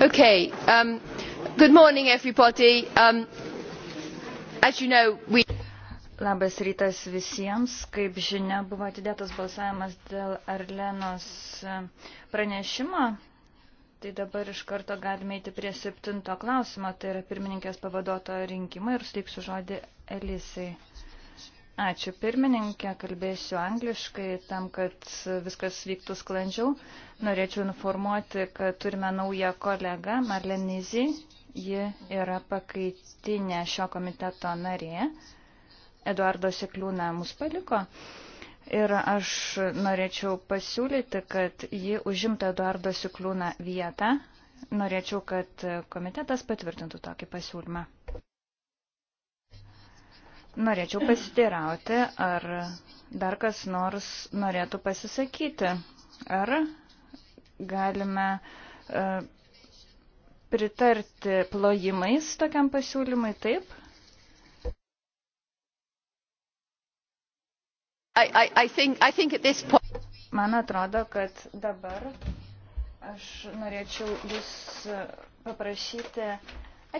Okay, um, good morning everybody. Um, as you know, we... Labas rytas visiems. Kaip žinia, buvo atidėtas balsavimas dėl Arlenos pranešimo. Tai dabar iš karto galime eiti prie septinto klausimo. Tai yra pirmininkės pavaduoto rinkimai ir suteiksiu žodį Elisai. Ačiū pirmininkė, kalbėsiu angliškai tam, kad viskas vyktų sklandžiau. Norėčiau informuoti, kad turime naują kolegą Marlenizį. Ji yra pakaitinė šio komiteto narė. Eduardo Sekliūna mus paliko. Ir aš norėčiau pasiūlyti, kad ji užimtų Eduardo Sekliūną vietą. Norėčiau, kad komitetas patvirtintų tokį pasiūlymą. Norėčiau pasiteirauti, ar dar kas nors norėtų pasisakyti. Ar galime e, pritarti plojimais tokiam pasiūlymui taip? I, I, I think, I think point... Man atrodo, kad dabar aš norėčiau jūs e, paprašyti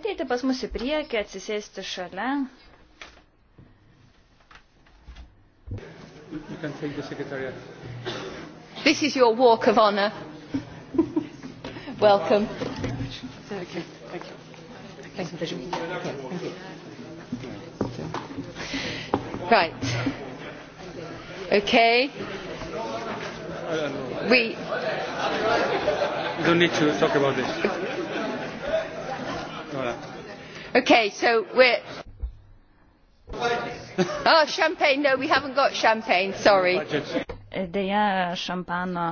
ateiti pas mus į priekį, atsisėsti šalia. You can take the secretariat. This is your walk of honour. Welcome. Okay, thank you. Thanks, pleasure. Okay, thank you. Right. Okay. We. We don't need to talk about this. Voilà. Okay, so we're. Oh, champagne, no, we haven't got champagne, sorry. Deja, šampano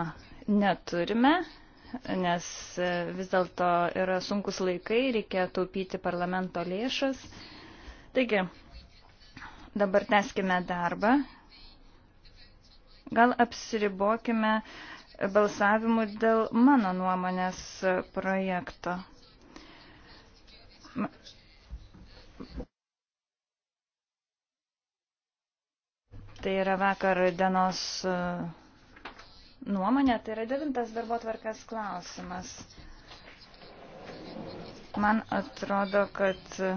neturime, nes e, vis dėlto yra sunkus laikai, reikia taupyti parlamento lėšas. Taigi, dabar teskime darbą. Gal apsiribokime balsavimu dėl mano nuomonės projekto. Tai yra vakar dienos e, nuomonė, tai yra devintas darbo tvarkas klausimas. Man atrodo, kad e,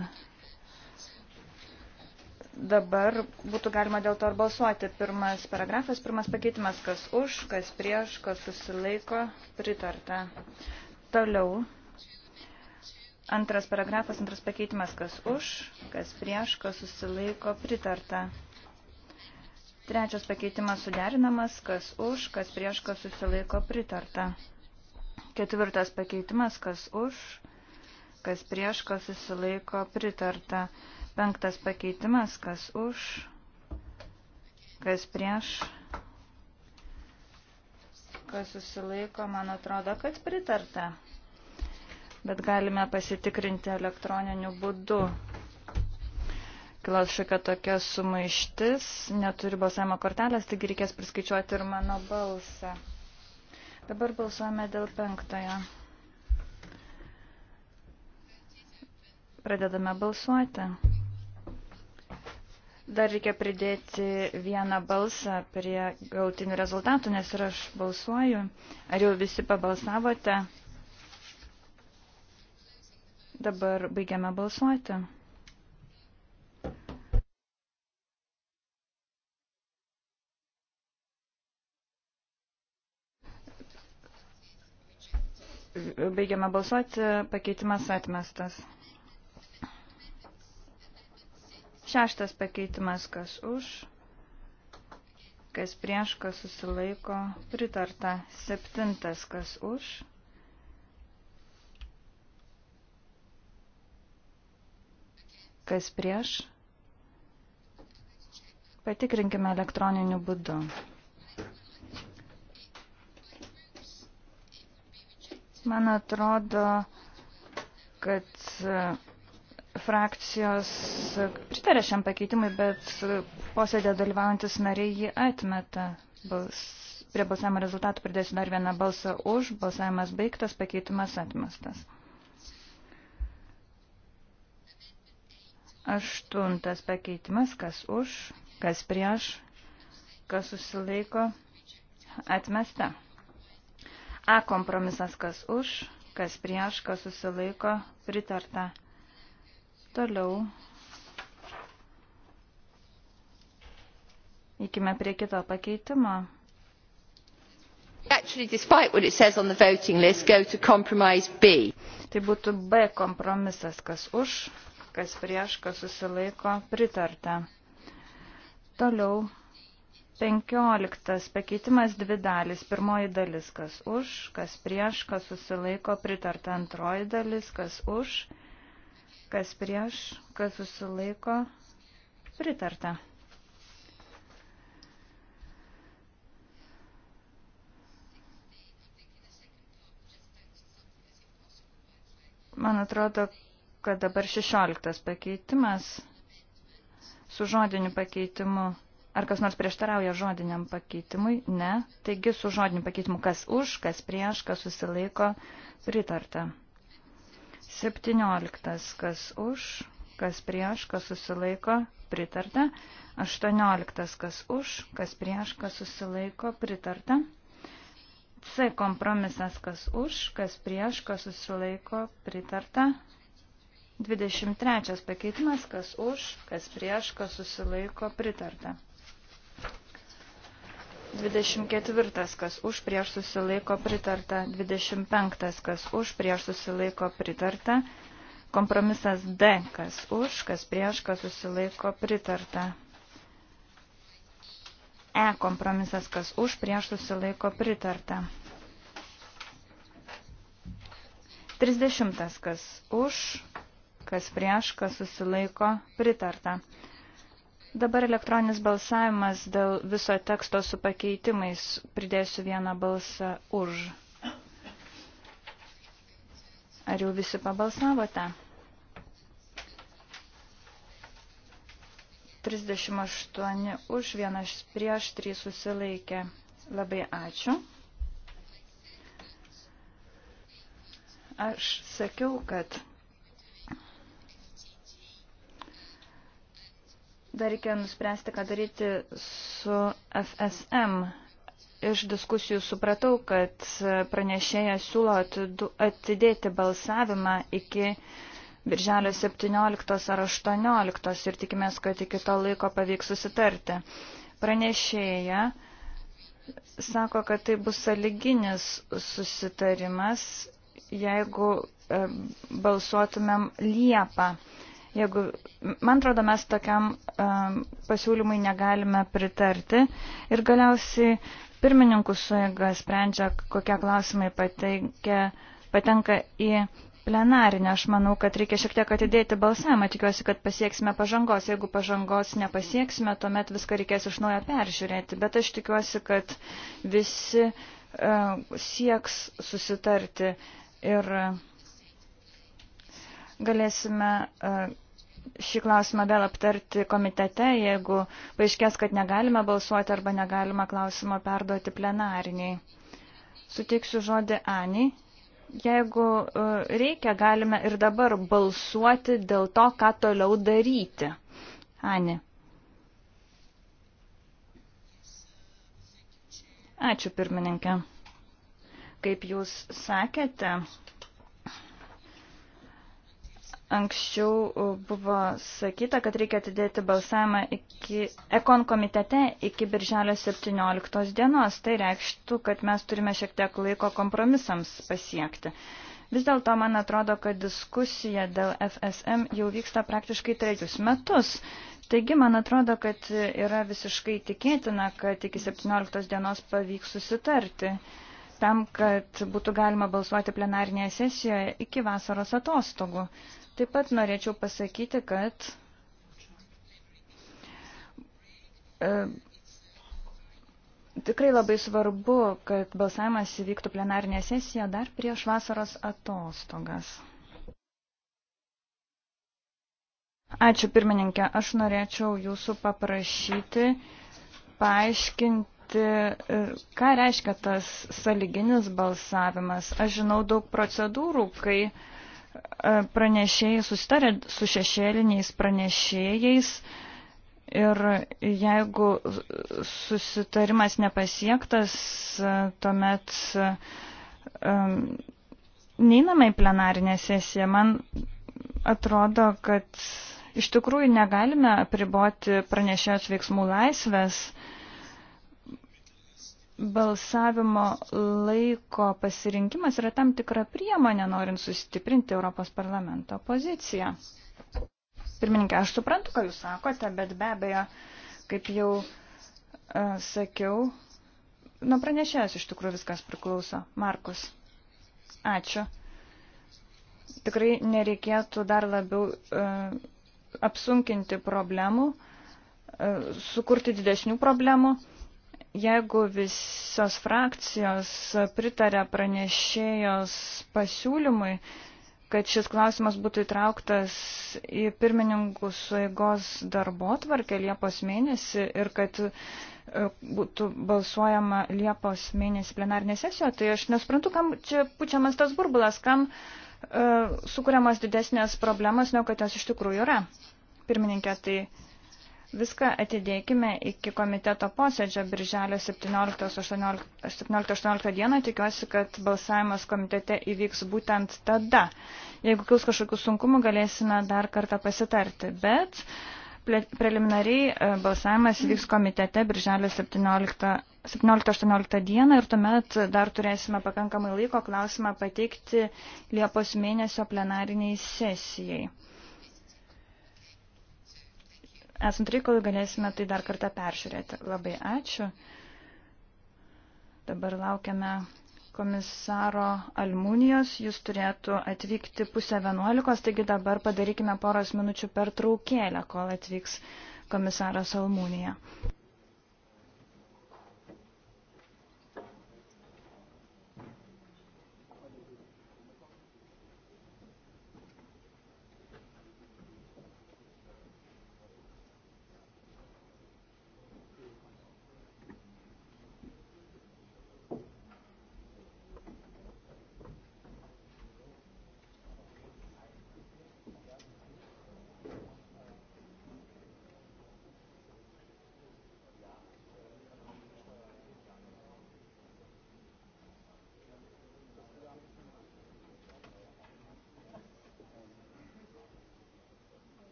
dabar būtų galima dėl to ir balsuoti. Pirmas paragrafas, pirmas pakeitimas, kas už, kas prieš, kas susilaiko, pritarta. Toliau. Antras paragrafas, antras pakeitimas, kas už, kas prieš, kas susilaiko, pritarta. Trečias pakeitimas suderinamas, kas už, kas prieš, kas susilaiko pritarta. Ketvirtas pakeitimas, kas už, kas prieš, kas susilaiko pritarta. Penktas pakeitimas, kas už, kas prieš, kas susilaiko, man atrodo, kad pritarta. Bet galime pasitikrinti elektroniniu būdu. Kilos šiokia tokia sumaištis, neturiu balsavimo kortelės, taigi reikės priskaičiuoti ir mano balsą. Dabar balsuojame dėl penktojo. Pradedame balsuoti. Dar reikia pridėti vieną balsą prie gautinių rezultatų, nes ir aš balsuoju. Ar jau visi pabalsavote? Dabar baigiame balsuoti. Baigiame balsuoti, pakeitimas atmestas. Šeštas pakeitimas, kas už, kas prieš, kas susilaiko, pritarta. Septintas, kas už. Kas prieš? Patikrinkime elektroniniu būdu. Man atrodo, kad e, frakcijos pritarė šiam pakeitimui, bet posėdė dalyvaujantis nariai jį atmeta. Bals, prie balsavimo rezultatų pridėsiu dar vieną balsą už, balsavimas baigtas, pakeitimas atmestas. Aštuntas pakeitimas, kas už, kas prieš, kas susilaiko, atmesta. A kompromisas kas už, kas prieš, kas susilaiko, pritarta. Toliau. Įkime prie kito pakeitimo. Actually, despite what it says on the voting list, go to compromise B. Tai būtų B kompromisas, kas už, kas prieš, kas susilaiko, pritarta. Toliau 15 pakeitimas dvi dalis. Pirmoji dalis, kas už, kas prieš, kas susilaiko, pritarta antroji dalis, kas už, kas prieš, kas susilaiko, pritarta. Man atrodo, kad dabar 16 pakeitimas su žodiniu pakeitimu Ar kas nors prieštarauja žodiniam pakeitimui? Ne. Taigi su žodiniu pakeitimu kas už, kas prieš, kas susilaiko, pritarta. 17. Kas už, kas prieš, kas susilaiko, pritarta. 18. Kas už, kas prieš, kas susilaiko, pritarta. C kompromisas, kas už, kas prieš, kas susilaiko, pritarta. 23 pakeitimas, kas už, kas prieš, kas susilaiko, pritarta. 24. Kas už prieš susilaiko pritarta. 25. Kas už prieš susilaiko pritarta. Kompromisas D. Kas už, kas prieš, kas susilaiko pritarta. E. Kompromisas. Kas už prieš susilaiko pritarta. 30. Kas už, kas prieš, kas susilaiko pritarta. Dabar elektroninis balsavimas dėl viso teksto su pakeitimais. Pridėsiu vieną balsą už. Ar jau visi pabalsavote? 38 už, vienas prieš, 3 susilaikė. Labai ačiū. Aš sakiau, kad Dar reikia nuspręsti, ką daryti su FSM. Iš diskusijų supratau, kad pranešėjas siūlo atidėti balsavimą iki birželio 17 ar 18 ir tikimės, kad iki to laiko pavyks susitarti. Pranešėja sako, kad tai bus saliginis susitarimas, jeigu e, balsuotumėm Liepą. Jeigu, man atrodo, mes tokiam um, pasiūlymui negalime pritarti ir galiausiai pirmininkų suėga sprendžia, kokie klausimai pateikia, patenka į plenarinę. Aš manau, kad reikia šiek tiek atidėti balsavimą. Tikiuosi, kad pasieksime pažangos. Jeigu pažangos nepasieksime, tuomet viską reikės iš naujo peržiūrėti. Bet aš tikiuosi, kad visi uh, sieks susitarti ir galėsime uh, šį klausimą vėl aptarti komitete, jeigu paaiškės, kad negalime balsuoti arba negalima klausimo perduoti plenariniai. Suteiksiu žodį Ani. Jeigu e, reikia, galime ir dabar balsuoti dėl to, ką toliau daryti. Ani. Ačiū pirmininkė. Kaip jūs sakėte, Anksčiau buvo sakyta, kad reikia atidėti balsavimą iki ekon komitete iki birželio 17 dienos. Tai reikštų, kad mes turime šiek tiek laiko kompromisams pasiekti. Vis dėlto man atrodo, kad diskusija dėl FSM jau vyksta praktiškai trejus metus. Taigi, man atrodo, kad yra visiškai tikėtina, kad iki 17 dienos pavyks susitarti tam, kad būtų galima balsuoti plenarnėje sesijoje iki vasaros atostogų. Uh, Taip pat norėčiau pasakyti, kad e, tikrai labai svarbu, kad balsavimas įvyktų plenarinė sesija dar prieš vasaros atostogas. Ačiū pirmininkė, aš norėčiau jūsų paprašyti, paaiškinti, e, ką reiškia tas saliginis balsavimas. Aš žinau daug procedūrų, kai uh, pranešėjai susitarė su šešėliniais pranešėjais ir jeigu susitarimas nepasiektas, tuomet um, neiname į plenarinę sesiją. Man atrodo, kad iš tikrųjų negalime apriboti pranešėjos veiksmų laisvės. Uh, balsavimo laiko pasirinkimas yra tam tikra priemonė, norint sustiprinti Europos parlamento poziciją. Pirmininkė, aš suprantu, ką jūs sakote, bet be abejo, kaip jau uh, sakiau, nuo pranešėjas iš tikrųjų viskas priklauso. Markus, ačiū. Tikrai nereikėtų dar labiau uh, apsunkinti problemų, uh, sukurti didesnių problemų. Uh, jeigu visos frakcijos pritarė pranešėjos pasiūlymui, kad šis klausimas būtų įtrauktas į pirmininkų sueigos darbo tvarkę Liepos mėnesį ir kad e, būtų balsuojama Liepos mėnesį plenarinė sesijoje, tai aš nesprantu, kam čia pučiamas tas burbulas, kam uh, e, sukūriamas didesnės problemas, negu kad jos iš tikrųjų yra. Pirmininkė, tai uh, Viską atidėkime iki komiteto posėdžio birželio 17-18 dieną. Tikiuosi, kad balsavimas komitete įvyks būtent tada. Jeigu kils kažkokių sunkumų, galėsime dar kartą pasitarti. Bet preliminariai e, balsavimas įvyks komitete birželio 17-18 dieną ir tuomet dar turėsime pakankamai laiko klausimą pateikti Liepos mėnesio plenariniai sesijai esant reikalui galėsime tai dar kartą peržiūrėti. Labai ačiū. Dabar laukiame komisaro Almunijos. Jis turėtų atvykti pusę vienuolikos, taigi dabar padarykime poros minučių per traukėlę, kol atvyks komisaras Almunija.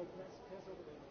kad mes nežadame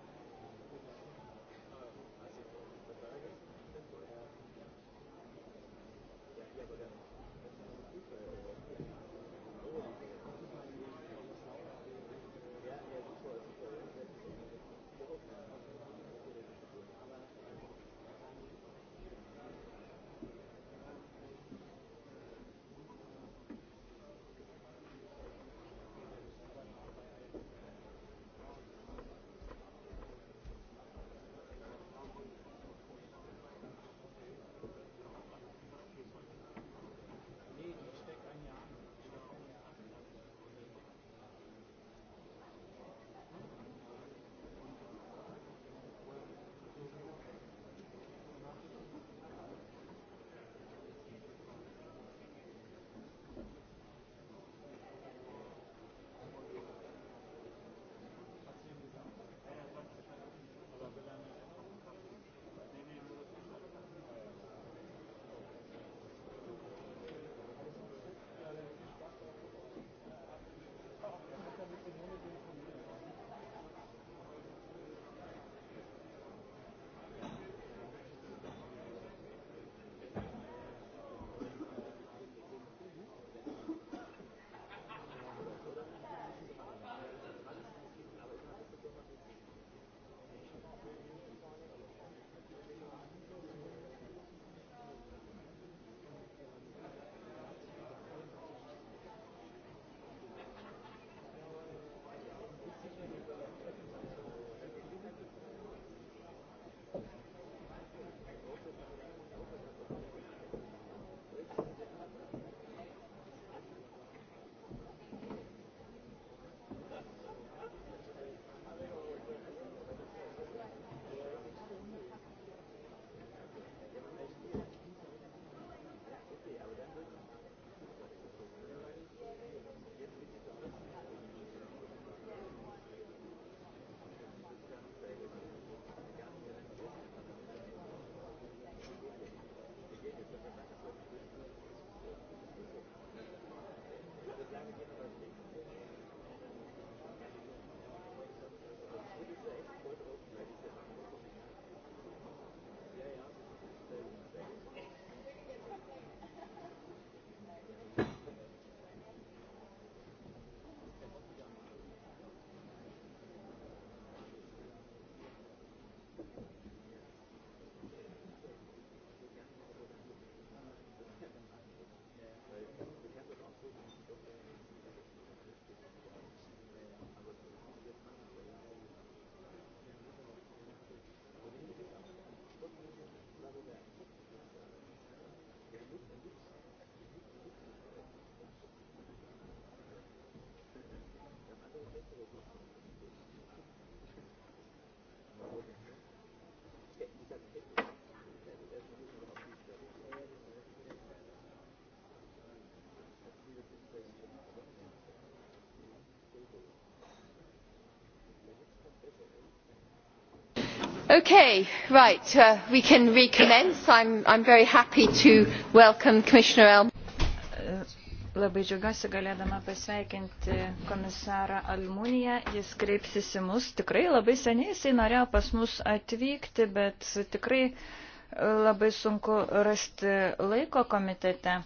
Okay, right, uh, we can recommence. I'm, I'm very happy to welcome Commissioner Elm. Uh, labai džiugiuosi galėdama pasveikinti komisarą Almuniją. Jis kreipsis į mus. Tikrai labai seniai jisai norėjo pas mus atvykti, bet tikrai uh, labai sunku rasti laiko komitete.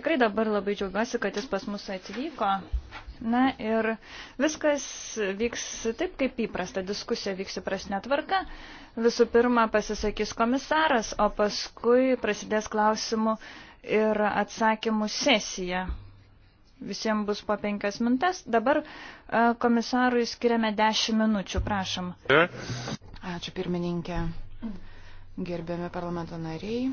Tikrai dabar labai džiaugiuosi, kad jis pas mus atvyko. Na ir viskas vyks taip, kaip įprasta. Diskusija vyks įprastinė tvarka. Visų pirma pasisakys komisaras, o paskui prasidės klausimų ir atsakymų sesija. Visiems bus po penkias mintes. Dabar e, komisarui skiriame dešimt minučių, prašom. Ačiū pirmininkė. Gerbiami parlamento nariai.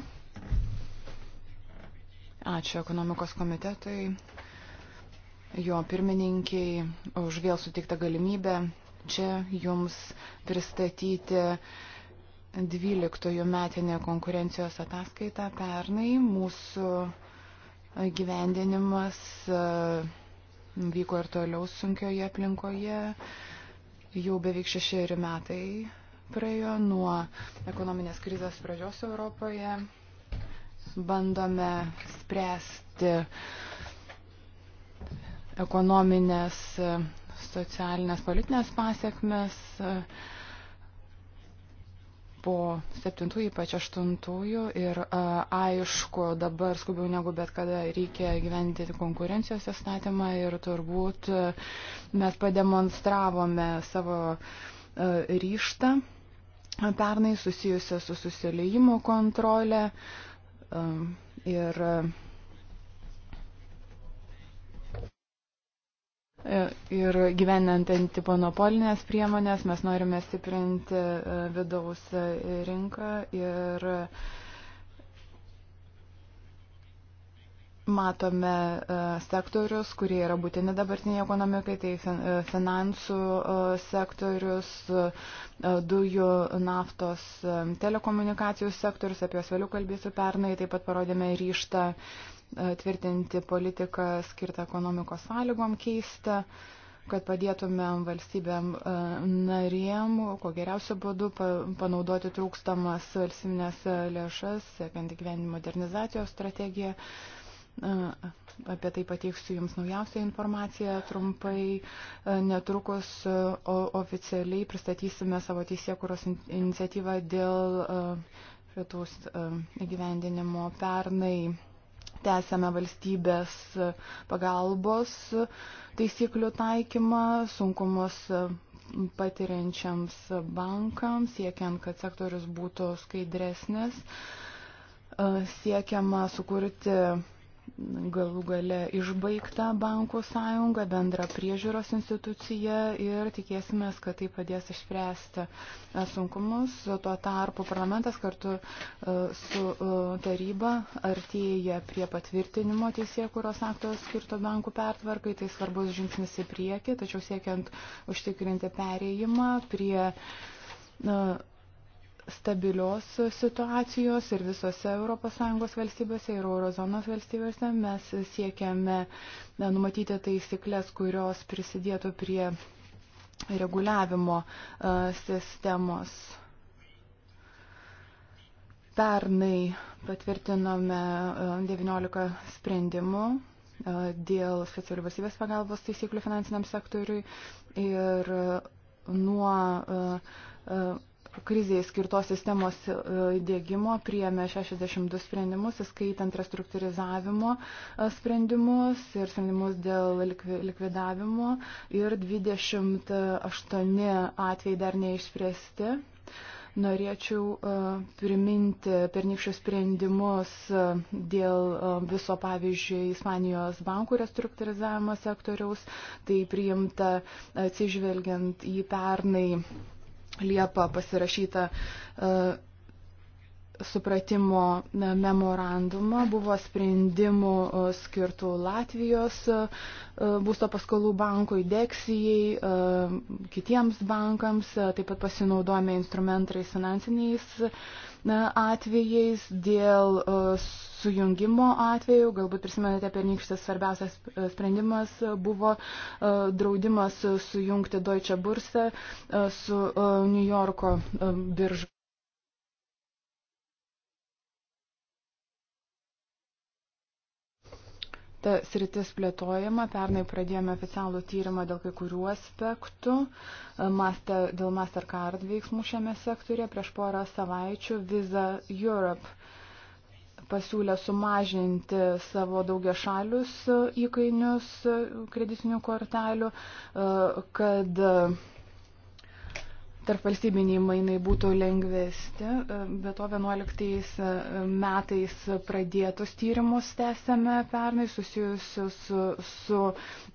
Ačiū ekonomikos komitetui jo pirmininkiai už vėl sutiktą galimybę čia jums pristatyti 12 metinę konkurencijos ataskaitą. Pernai mūsų gyvendinimas e, vyko ir toliau sunkioje aplinkoje. Jau beveik šešeri metai praėjo nuo ekonominės krizės pradžios Europoje. Bandome spręsti ekonominės, e, socialinės, politinės pasiekmes e, po septintųjų, ypač aštuntųjų ir a, e, aišku, dabar skubiau negu bet kada reikia gyventi konkurencijos įstatymą ir turbūt a, mes pademonstravome savo a, ryštą pernai susijusią su susiliejimo kontrolė a, ir a, E, ir gyvenant antiponopolinės priemonės mes norime stiprinti e, vidaus e, rinką ir matome sektorius, kurie yra būtini dabartiniai ekonomikai, tai finansų sektorius, dujų, naftos, telekomunikacijų sektorius, apie juos vėliau kalbėsiu pernai, taip pat parodėme ryštą E, tvirtinti politiką skirtą ekonomikos sąlygom keisti kad padėtumėm valstybėm e, narėm, ko geriausio būdu panaudoti trūkstamas valstybinės lėšas, siekiant gyvenimo modernizacijos strategiją. E, apie tai pateiksiu Jums naujausią informaciją trumpai. Netrukus oficialiai pristatysime savo teisėkuros iniciatyvą dėl šitos įgyvendinimo pernai tęsėme valstybės pagalbos taisyklių taikymą, sunkumus patiriančiams bankams, siekiant, kad sektorius būtų skaidresnis, siekiama sukurti galų gale išbaigta bankų sąjunga, bendra priežiūros institucija ir tikėsime, kad tai padės išspręsti e, sunkumus. Tuo tarpu parlamentas kartu e, su e, taryba artėja prie patvirtinimo teisėkuros akto skirto bankų pertvarkai. Tai svarbus žingsnis į priekį, tačiau siekiant užtikrinti perėjimą prie. Uh, stabilios situacijos ir visose ES valstybėse ir eurozonos valstybėse mes siekiame numatyti taisyklės, kurios prisidėtų prie reguliavimo sistemos. Pernai patvirtinome 19 sprendimų dėl specialių valstybės pagalbos taisyklių finansiniam sektoriui ir nuo krizėje skirtos sistemos įdėgymo e, priėmė 62 sprendimus, įskaitant restruktūrizavimo e, sprendimus ir sprendimus dėl likvidavimo ir 28 atvejai dar neišspręsti. Norėčiau e, priminti pernykščių sprendimus dėl viso, pavyzdžiui, Ispanijos bankų restruktūrizavimo sektoriaus. Tai priimta atsižvelgiant į pernai Liepą pasirašyta uh, supratimo e, memorandumą, buvo sprendimų e, skirtų Latvijos e, būsto paskolų bankui, Deksijai, kitiems bankams, taip pat pasinaudojame instrumentais finansiniais atvejais, dėl sujungimo atveju, galbūt prisimenate, pernykštis svarbiausias sprendimas buvo draudimas sujungti Deutsche Börse su New Yorko biržu. ta sritis plėtojama. Pernai pradėjome oficialų tyrimą dėl kai kurių aspektų, e, master, dėl Mastercard veiksmų šiame sektorė. Prieš porą savaičių Visa Europe pasiūlė sumažinti savo daugiašalius įkainius e, kreditinių kortelių, e, kad tarp valstybiniai mainai būtų lengvesti. Be to 11 e, metais pradėtus tyrimus tęsėme pernai susijusius su, su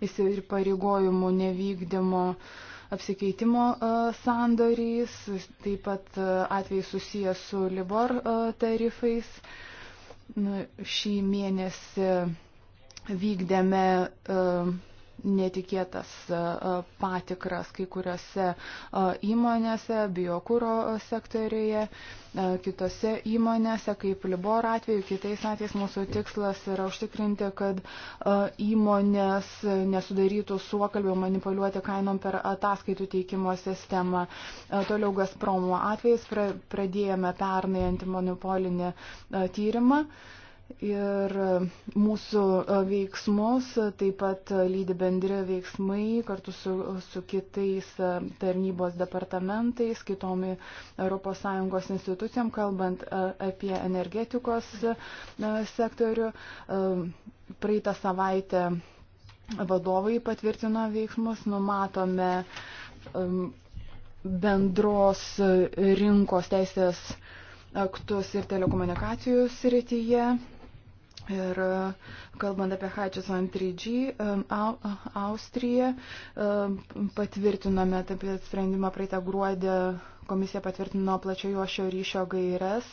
įsipareigojimu nevykdymo apsikeitimo e, sandoriais, taip pat e, atvejai susijęs su Libor tarifais. Nu, šį mėnesį vykdėme uh, netikėtas patikras kai kuriuose įmonėse, biokūro sektoriuje, kitose įmonėse, kaip Libor atveju, kitais atvejais mūsų tikslas yra užtikrinti, kad įmonės nesudarytų suokalbio manipuliuoti kainom per ataskaitų teikimo sistemą. Toliau Gazpromo atvejais pradėjome pernai antimonopolinį tyrimą. Uh, ir mūsų veiksmus taip pat lydi bendri veiksmai kartu su, su kitais tarnybos departamentais, kitom ES institucijom, kalbant e, apie energetikos e, sektorių. E, praeitą savaitę vadovai patvirtino veiksmus, numatome bendros rinkos teisės aktus ir telekomunikacijų srityje Ir e, kalbant apie Hatches on 3G, e, Austrija e, patvirtinome apie sprendimą praeitą gruodį, komisija patvirtino plačiojo šio ryšio gairias,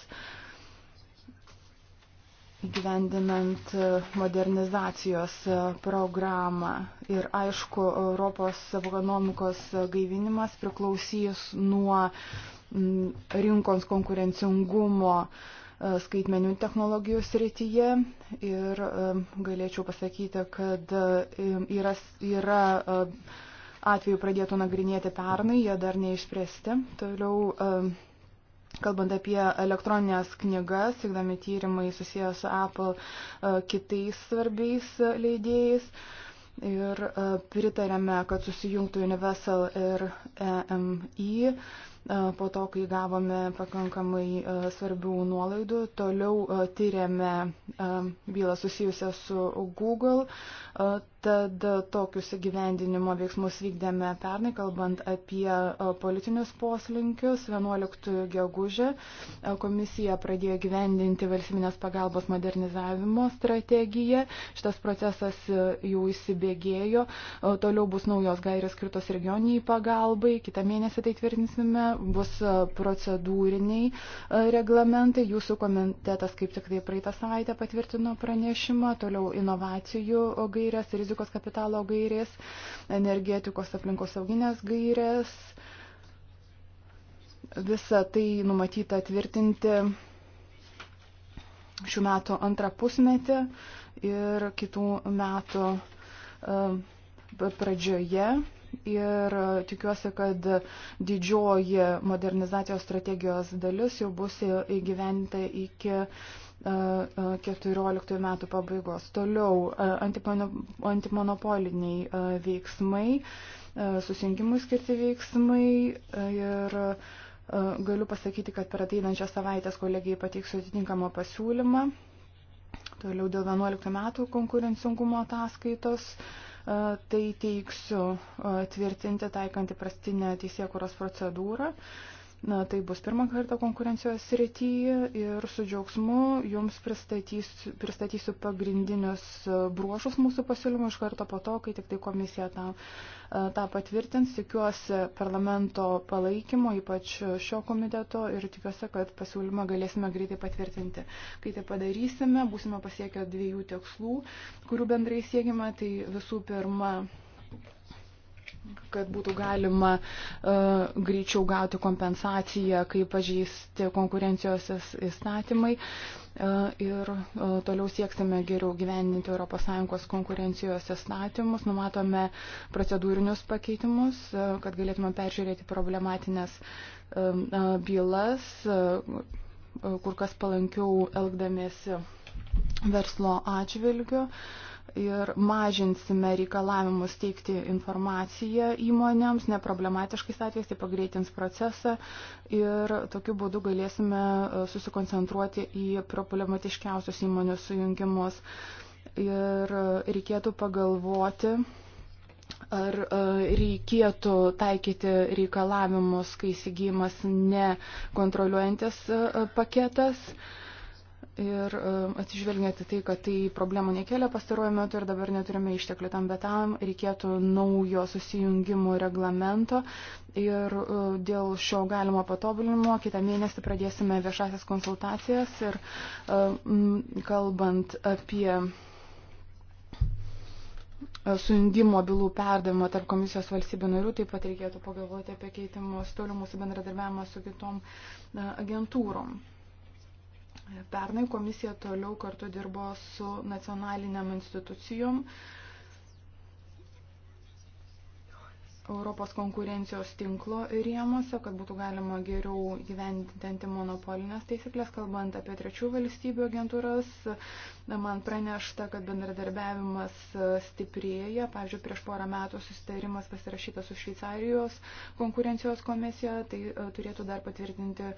gyvendinant modernizacijos programą. Ir aišku, Europos ekonomikos gaivinimas priklausys nuo rinkos konkurencingumo uh, E, skaitmenių technologijų srityje ir e, galėčiau pasakyti, kad e, yra, yra atveju pradėtų nagrinėti pernai, jie dar neišspręsti. Toliau, kalbant apie elektroninės knygas, vykdami tyrimai susijęs su Apple kitais svarbiais leidėjais. Ir pritarėme, kad susijungtų Universal ir EMI po to, kai gavome pakankamai svarbių nuolaidų. Toliau tyrėme bylą susijusią su Google. Tad e, tokius įgyvendinimo veiksmus vykdėme pernai, kalbant apie e, politinius poslinkius. 11 gegužė e, komisija pradėjo gyvendinti valstybinės pagalbos modernizavimo strategiją. Šitas procesas jau įsibėgėjo. Toliau bus naujos gairės skirtos regioniniai pagalbai. Kita mėnesį tai tvirtinsime. Bus procedūriniai reglamentai. Jūsų komitetas kaip tik tai praeitą savaitę patvirtino pranešimą. Toliau inovacijų gairės ir rizikos kapitalo gairės, energetikos aplinkosauginės gairės. Visa tai numatyta tvirtinti šių metų antrą pusmetį ir kitų metų e, pradžioje. Ir e, tikiuosi, kad didžioji modernizacijos strategijos dalis jau bus įgyventa iki 2014 metų pabaigos. Toliau antimonopoliniai veiksmai, susijungimų skirti veiksmai ir galiu pasakyti, kad per ateinančią savaitę kolegijai pateiksiu atitinkamą pasiūlymą. Toliau dėl 11 metų konkurencingumo ataskaitos tai teiksiu tvirtinti taikant įprastinę teisėkuros procedūrą. Uh, Na, tai bus pirmą kartą konkurencijos srityje ir su džiaugsmu jums pristatysiu, pristatysiu pagrindinius bruožus mūsų pasiūlymų iš karto po to, kai tik tai komisija tą, e, tą patvirtins. Tikiuosi parlamento palaikymo, ypač šio komiteto ir tikiuosi, kad pasiūlymą galėsime greitai patvirtinti. Kai tai padarysime, būsime pasiekę dviejų tikslų, kurių bendrai siekime. Tai visų pirma, kad būtų galima uh, greičiau gauti kompensaciją, kai pažįsti konkurencijos įstatymai. Uh, ir uh, toliau sieksime geriau gyveninti ES konkurencijos įstatymus, numatome procedūrinius pakeitimus, uh, kad galėtume peržiūrėti problematinės uh, uh, bylas, uh, kur kas palankiau elgdamiesi verslo atžvilgiu. Uh, ir mažinsime reikalavimus teikti informaciją įmonėms neproblematiškais atvejais, tai pagreitins procesą ir tokiu būdu galėsime e, susikoncentruoti į problematiškiausius įmonių sujungimus. Ir e, reikėtų pagalvoti, ar e, reikėtų taikyti reikalavimus, kai įsigymas nekontroliuojantis paketas. Uh, Ir e, atsižvelgiant į tai, kad tai problemų nekelia pastaruoju metu ir dabar neturime išteklių tam, bet tam reikėtų naujo susijungimų reglamento. Ir e, dėl šio galimo patobulinimo kitą mėnesį pradėsime viešasias konsultacijas ir e, kalbant apie sujungimo bylų perdavimo tarp komisijos valstybių narių, taip pat reikėtų pagalvoti apie keitimus toliau mūsų bendradarbiavimą su kitom agentūrom. Pernai komisija toliau kartu dirbo su nacionaliniam institucijom, uh, Europos konkurencijos tinklo rėmose, kad būtų galima geriau gyventinti monopolinės taisyklės, kalbant apie trečių valstybių agentūras. Man pranešta, kad bendradarbiavimas stiprėja. Pavyzdžiui, prieš porą metų susitarimas pasirašytas su Šveicarijos konkurencijos komisija, tai e, turėtų dar patvirtinti e,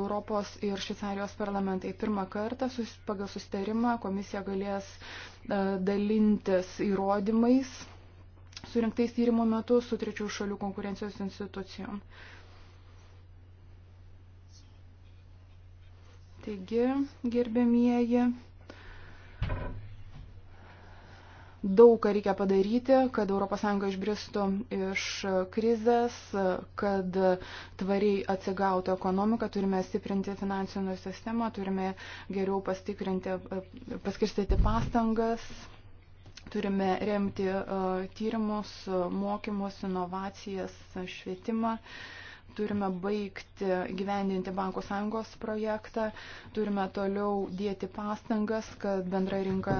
Europos ir Šveicarijos parlamentai. Pirmą kartą pagal susitarimą komisija galės e, dalintis įrodymais surinktais tyrimo metu su trečių šalių konkurencijos institucijom. Taigi, gerbėmieji, daug ką reikia padaryti, kad ES išbristų iš krizės, kad tvariai atsigautų ekonomika, turime stiprinti finansinę sistemą, turime geriau pastikrinti, paskirstyti pastangas Turime remti e, tyrimus, mokymus, inovacijas, švietimą. Turime baigti gyvendinti Bankų sąjungos projektą. Turime toliau dėti pastangas, kad bendra rinka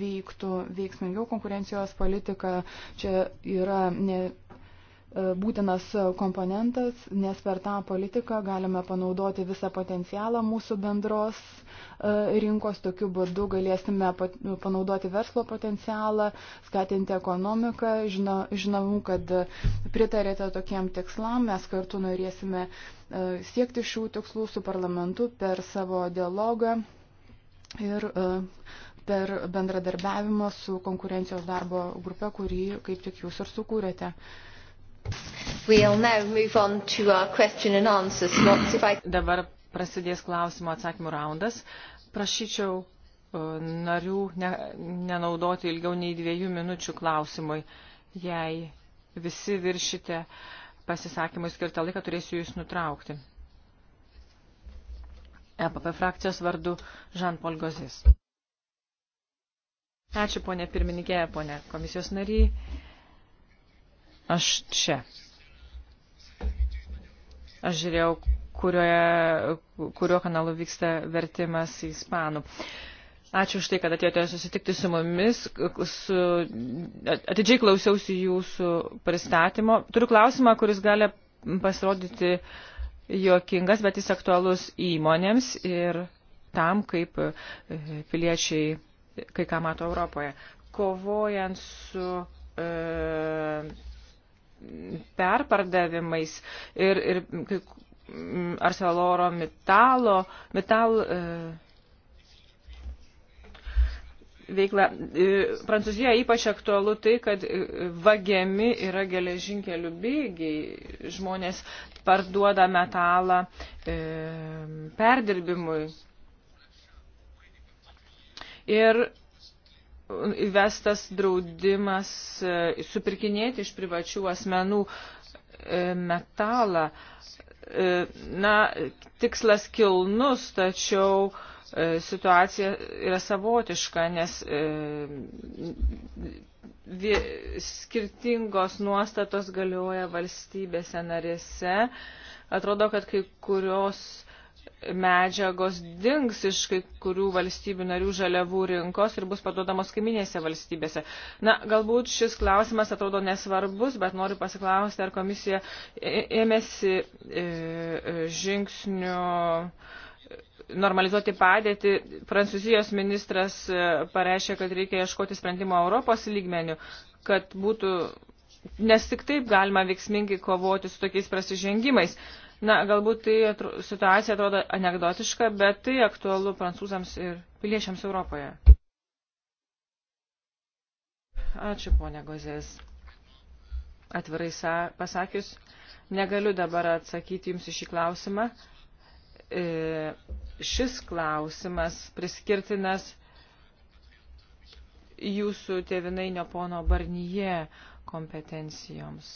veiktų veiksmingiau. Konkurencijos politika čia yra ne E, būtinas komponentas, nes per tą politiką galime panaudoti visą potencialą mūsų bendros e, rinkos, tokiu būdu galėsime panaudoti verslo potencialą, skatinti ekonomiką. Žinau, žinau kad pritarėte tokiem tikslam, mes kartu norėsime e, siekti šių tikslų su parlamentu per savo dialogą. Ir per bendradarbiavimą su konkurencijos darbo grupe, kurį kaip tik jūs ir sukūrėte. Uh, We'll I... Dabar prasidės klausimo atsakymų raundas. Prašyčiau e, narių ne, nenaudoti ilgiau nei dviejų minučių klausimui. Jei visi viršite pasisakymui skirtą laiką, turėsiu jūs nutraukti. EPP frakcijos vardu Žan-Pol Gozis. Ačiū, ponė pirmininkė, ponė komisijos nariai. Aš čia. Aš žiūrėjau, kurioje, kuriuo kanalu vyksta vertimas į ispanų. Ačiū už tai, kad atėjote susitikti su mumis. Su, atidžiai klausiausi jūsų pristatymo. Turiu klausimą, kuris gali pasirodyti juokingas, bet jis aktualus įmonėms ir tam, kaip piliečiai kai ką mato Europoje. Kovojant su e, perpardavimais ir, ir Arceloro metalo, metal e, veikla. E, Prancūzija ypač aktualu tai, kad e, vagiami yra geležinkelių bėgiai, žmonės parduoda metalą e, perdirbimui. Ir įvestas draudimas e, supirkinėti iš privačių asmenų e, metalą. E, na, tikslas kilnus, tačiau situacija yra savotiška, nes skirtingos nuostatos galioja valstybėse narėse. Atrodo, kad kai kurios medžiagos dings iš kai kurių valstybių narių žaliavų rinkos ir bus parduodamos kaiminėse valstybėse. Na, galbūt šis klausimas atrodo nesvarbus, bet noriu pasiklausti, ar komisija ėmėsi žingsnių normalizuoti padėtį. Prancūzijos ministras pareiškė, kad reikia ieškoti sprendimo Europos lygmenių, kad būtų, nes tik taip galima veiksmingai kovoti su tokiais prasižengimais. Uh, Na, galbūt tai atro, situacija atrodo anegdotiška, bet tai aktualu prancūzams ir piliečiams Europoje. Ačiū, ponė Gozės. Atvirai pasakius, negaliu dabar atsakyti Jums į šį klausimą. E, šis klausimas priskirtinas Jūsų tėvinainio pono Barnyje kompetencijoms,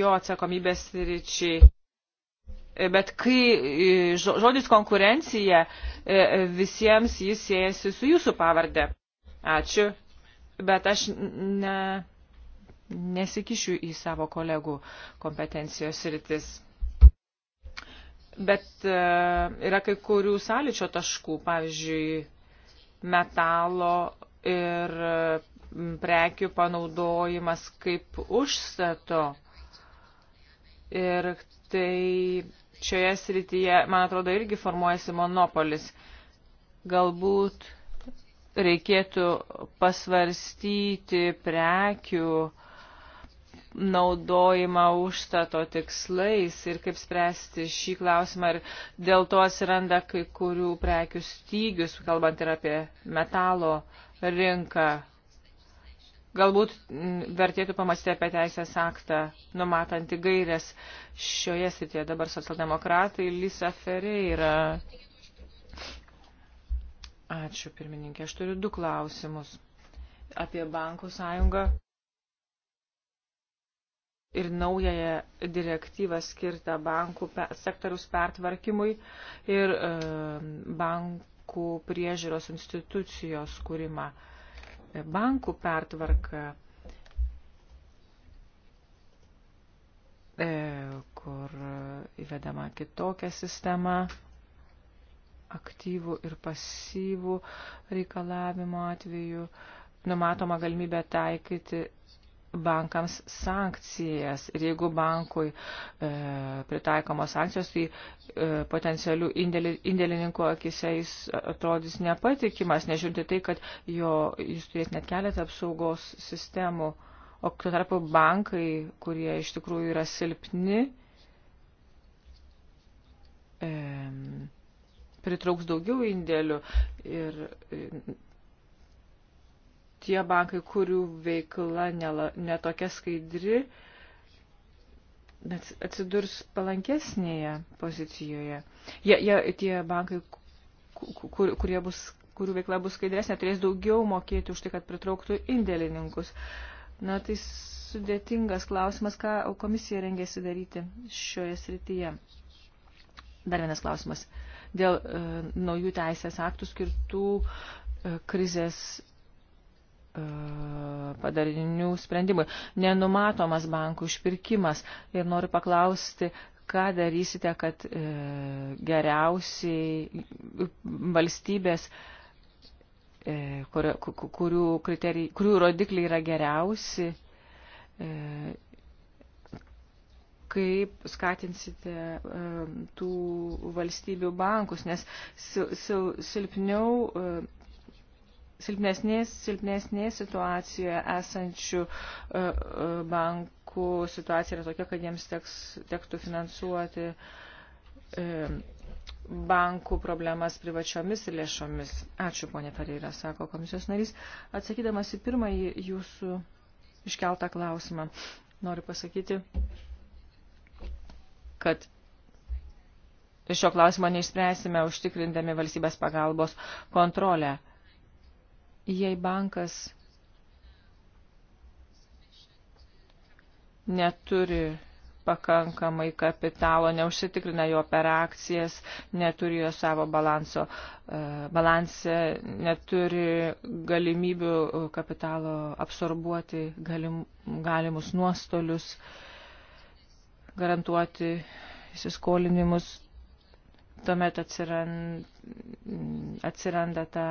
jo atsakomybės ryčiai. Bet kai e, žodis konkurencija, e, visiems jis siejasi su jūsų pavardė. Ačiū. Bet aš ne, nesikišiu į savo kolegų kompetencijos rytis. Bet e, yra kai kurių sąlyčio taškų, pavyzdžiui, metalo ir prekių panaudojimas kaip užstato. Ir tai šioje srityje, man atrodo, irgi formuojasi monopolis. Galbūt reikėtų pasvarstyti prekių naudojimą užstato tikslais ir kaip spręsti šį klausimą. Ir dėl to atsiranda kai kurių prekių stygius, kalbant ir apie metalo rinką, Galbūt mm, vertėtų pamastyti apie teisės aktą, numatantį gairias šioje srityje. Dabar socialdemokratai Lisa Ferreira. Ačiū, pirmininkė. Aš turiu du klausimus apie bankų sąjungą ir naująją direktyvą skirtą bankų sektoriaus pertvarkymui ir e, bankų priežiūros institucijos kūrimą. E, bankų pertvarka, e, kur įvedama kitokia sistema aktyvų ir pasyvų reikalavimo atveju numatoma galimybė taikyti bankams sankcijas. Ir jeigu bankui e, pritaikomos sankcijos, tai e, potencialių indėli, indėlininkų akise jis atrodys nepatikimas, nežiūrinti tai, kad jo, jis turės net keletą apsaugos sistemų. O tuo tarpu bankai, kurie iš tikrųjų yra silpni, e, pritrauks daugiau indėlių ir tie bankai, kurių veikla netokia skaidri, atsidurs palankesnėje pozicijoje. Jie, jie, tie bankai, kur, kurie bus, kurių veikla bus skaidresnė, turės daugiau mokėti už tai, kad pritrauktų indėlininkus. Na, tai sudėtingas klausimas, ką komisija rengėsi daryti šioje srityje. Dar vienas klausimas. Dėl e, naujų teisės aktų skirtų e, krizės E, padarinių sprendimui. Nenumatomas bankų išpirkimas ir noriu paklausti, ką darysite, kad e, geriausiai valstybės, e, kurių, kriterijai, kurių rodikliai yra geriausi, kaip skatinsite tų valstybių bankus, nes silpniau silpnesnės, silpnesnės situacijoje esančių e, e, bankų situacija yra tokia, kad jiems teks, tektų finansuoti e, bankų problemas privačiomis lėšomis. Ačiū, ponė Pareira, sako komisijos narys. Atsakydamas į pirmąjį jūsų iškeltą klausimą, noriu pasakyti, kad šio klausimo neišspręsime užtikrindami valstybės pagalbos kontrolę jei bankas neturi pakankamai kapitalo, neužsitikrina jo per akcijas, neturi jo savo balanso, e, balanse, neturi galimybių kapitalo absorbuoti galim, galimus nuostolius, garantuoti įsiskolinimus, tuomet atsiranda, atsiranda ta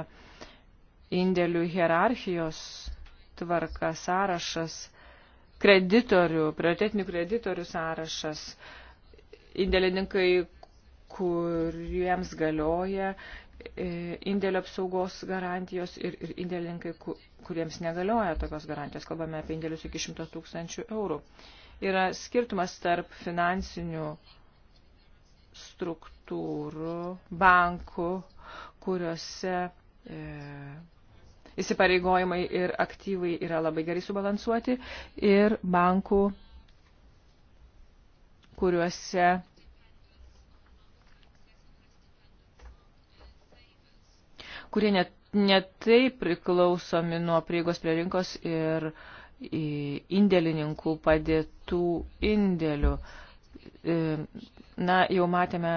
indėlių hierarchijos tvarka sąrašas, kreditorių, prioritetinių kreditorių sąrašas, indėlininkai, kuriems galioja e, indėlio apsaugos garantijos ir, ir indėlininkai, kuriems negalioja tokios garantijos. Kalbame apie indėlius iki 100 tūkstančių eurų. Yra skirtumas tarp finansinių struktūrų, bankų, kuriuose e, įsipareigojimai ir aktyvai yra labai gerai subalansuoti ir bankų, kuriuose kurie net, netai priklausomi nuo prieigos prie rinkos ir indėlininkų padėtų indėlių. E, na, jau matėme,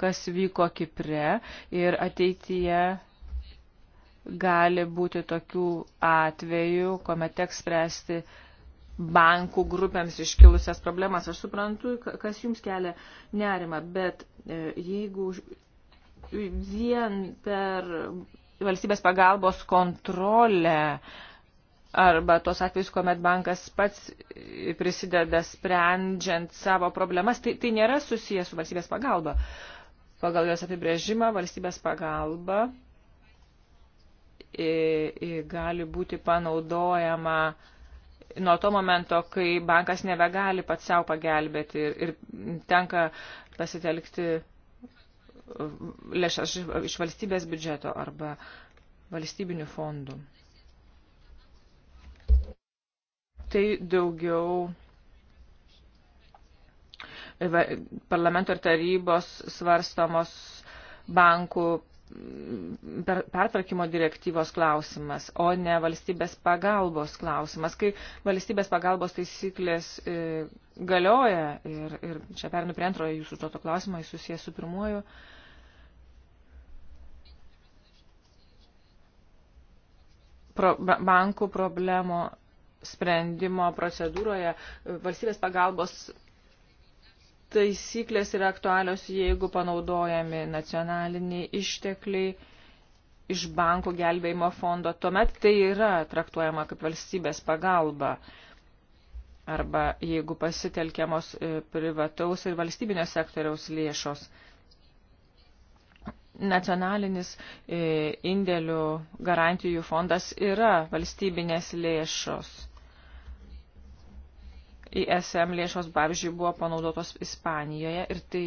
kas vyko Kipre ir ateityje gali būti tokių atvejų, kuomet teks spręsti bankų grupėms iškilusias problemas. Aš suprantu, kas jums kelia nerima, bet e, jeigu vien per valstybės pagalbos kontrolę arba tos atvejus, kuomet bankas pats prisideda sprendžiant savo problemas, tai, tai nėra susijęs su valstybės pagalba. Pagal jos apibrėžimą valstybės pagalba gali būti panaudojama nuo to momento, kai bankas nebegali pats savo pagelbėti ir, ir tenka pasitelkti lėšas iš valstybės biudžeto arba valstybinių fondų. Tai daugiau parlamento ir tarybos svarstamos bankų per, pertvarkymo direktyvos klausimas, o ne valstybės pagalbos klausimas. Kai valstybės pagalbos taisyklės e, galioja, ir, ir čia pernu prie antrojo jūsų to klausimo, jis susijęs su pirmuoju. Pro, bankų problemo sprendimo procedūroje e, valstybės pagalbos taisyklės yra aktualios, jeigu panaudojami nacionaliniai ištekliai iš bankų gelbėjimo fondo. Tuomet tai yra traktuojama kaip valstybės pagalba arba jeigu pasitelkiamos e, privataus ir valstybinio sektoriaus lėšos. Nacionalinis e, indėlių garantijų fondas yra valstybinės lėšos ISM lėšos, pavyzdžiui, buvo panaudotos Ispanijoje ir tai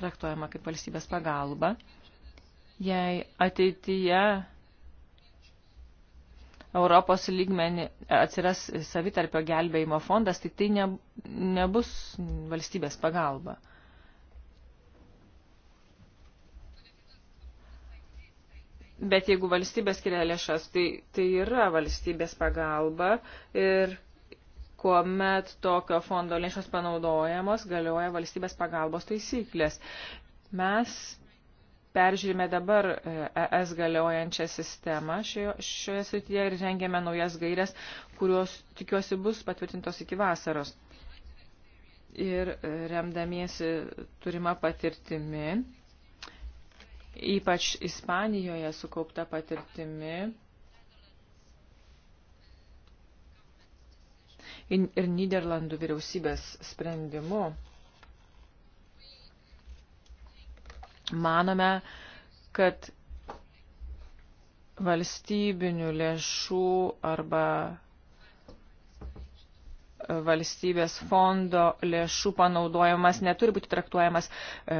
traktuojama kaip valstybės pagalba. Jei ateityje Europos lygmenį atsiras savitarpio gelbėjimo fondas, tai tai ne, nebus valstybės pagalba. Bet jeigu valstybė skiria lėšas, tai, tai yra valstybės pagalba ir kuomet tokio fondo lėšos panaudojamos, galioja valstybės pagalbos taisyklės. Mes peržiūrime dabar ES e galiojančią sistemą šioje, šioje srityje ir rengėme naujas gairias, kurios tikiuosi bus patvirtintos iki vasaros. Ir e, remdamiesi turima patirtimi, ypač Ispanijoje sukaupta patirtimi, ir Niderlandų vyriausybės sprendimu manome, kad valstybinių lėšų arba valstybės fondo lėšų panaudojimas neturi būti traktuojamas e,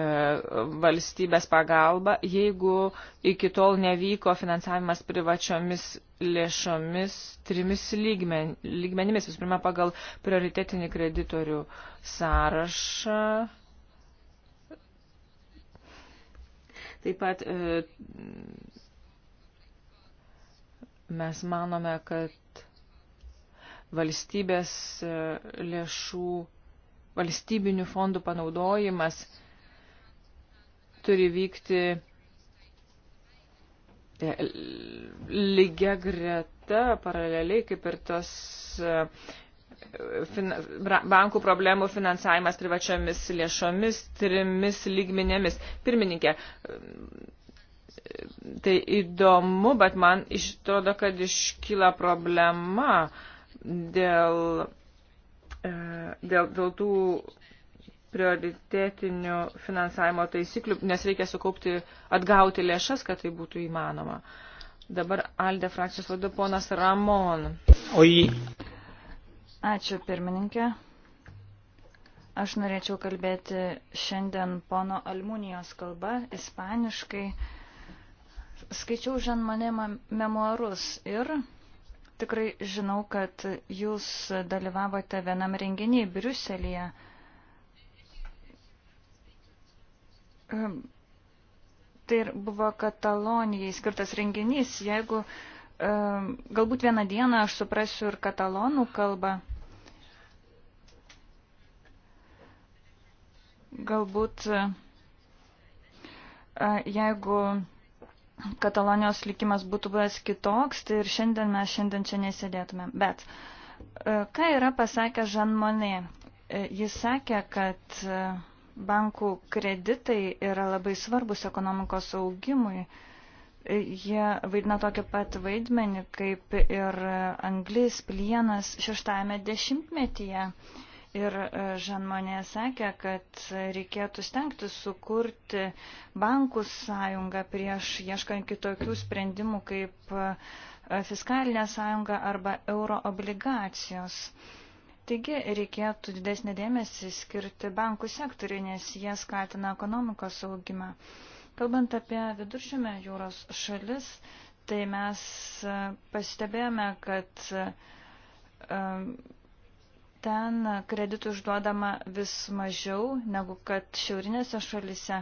valstybės pagalba, jeigu iki tol nevyko finansavimas privačiomis lėšomis trimis lygmen, lygmenimis. Visų pirma, pagal prioritetinį kreditorių sąrašą. Taip pat e, mes manome, kad valstybės e, lėšų, valstybinių fondų panaudojimas turi vykti e, lygia greta, paraleliai kaip ir tos e, fin, bankų problemų finansavimas privačiomis lėšomis trimis lygminėmis. Pirmininkė, tai įdomu, bet man ištrodo, kad iškyla problema. Uh, dėl, e, dėl, dėl tų prioritetinių finansavimo taisyklių, nes reikia sukaupti, atgauti lėšas, kad tai būtų įmanoma. Dabar Alde frakcijos vadu ponas Ramon. Oi. Ačiū pirmininkė. Aš norėčiau kalbėti šiandien pono Almunijos kalba, ispaniškai. Skaičiau žan mane memoarus ir tikrai žinau, kad jūs dalyvavote vienam renginiai Briuselėje. Ehm, tai buvo Katalonijai skirtas renginys. Jeigu ehm, galbūt vieną dieną aš suprasiu ir katalonų kalbą, galbūt e, jeigu Katalonijos likimas būtų buvęs kitoks, tai ir šiandien mes šiandien čia nesėdėtume. Bet e, ką yra pasakę Žan Monė? E, jis sakė, kad e, bankų kreditai yra labai svarbus ekonomikos augimui. Jie vaidina tokį pat vaidmenį kaip ir anglis, plienas šeštame dešimtmetyje. Uh, Ir e, Žanmonė sakė, kad reikėtų stengti sukurti bankų sąjungą prieš ieškant kitokių sprendimų kaip e, fiskalinė sąjunga arba euro obligacijos. Taigi reikėtų didesnį dėmesį skirti bankų sektoriui, nes jie skatina ekonomikos augimą. Kalbant apie viduržymę jūros šalis, tai mes e, pastebėjome, kad ten kreditų išduodama vis mažiau negu kad šiaurinėse šalise.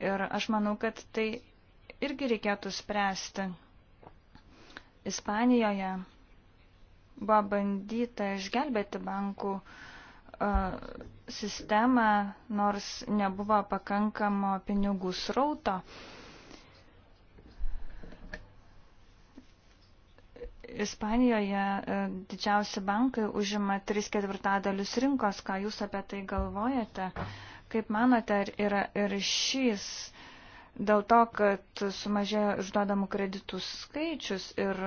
Ir aš manau, kad tai irgi reikėtų spręsti. Ispanijoje buvo bandyta išgelbėti bankų uh, sistemą, nors nebuvo pakankamo pinigų srauto. Uh, Ispanijoje e, didžiausi bankai užima 3 ketvirtadalius rinkos. Ką Jūs apie tai galvojate? Kaip manote, ar yra ryšys dėl to, kad sumažėjo išduodamų kreditų skaičius ir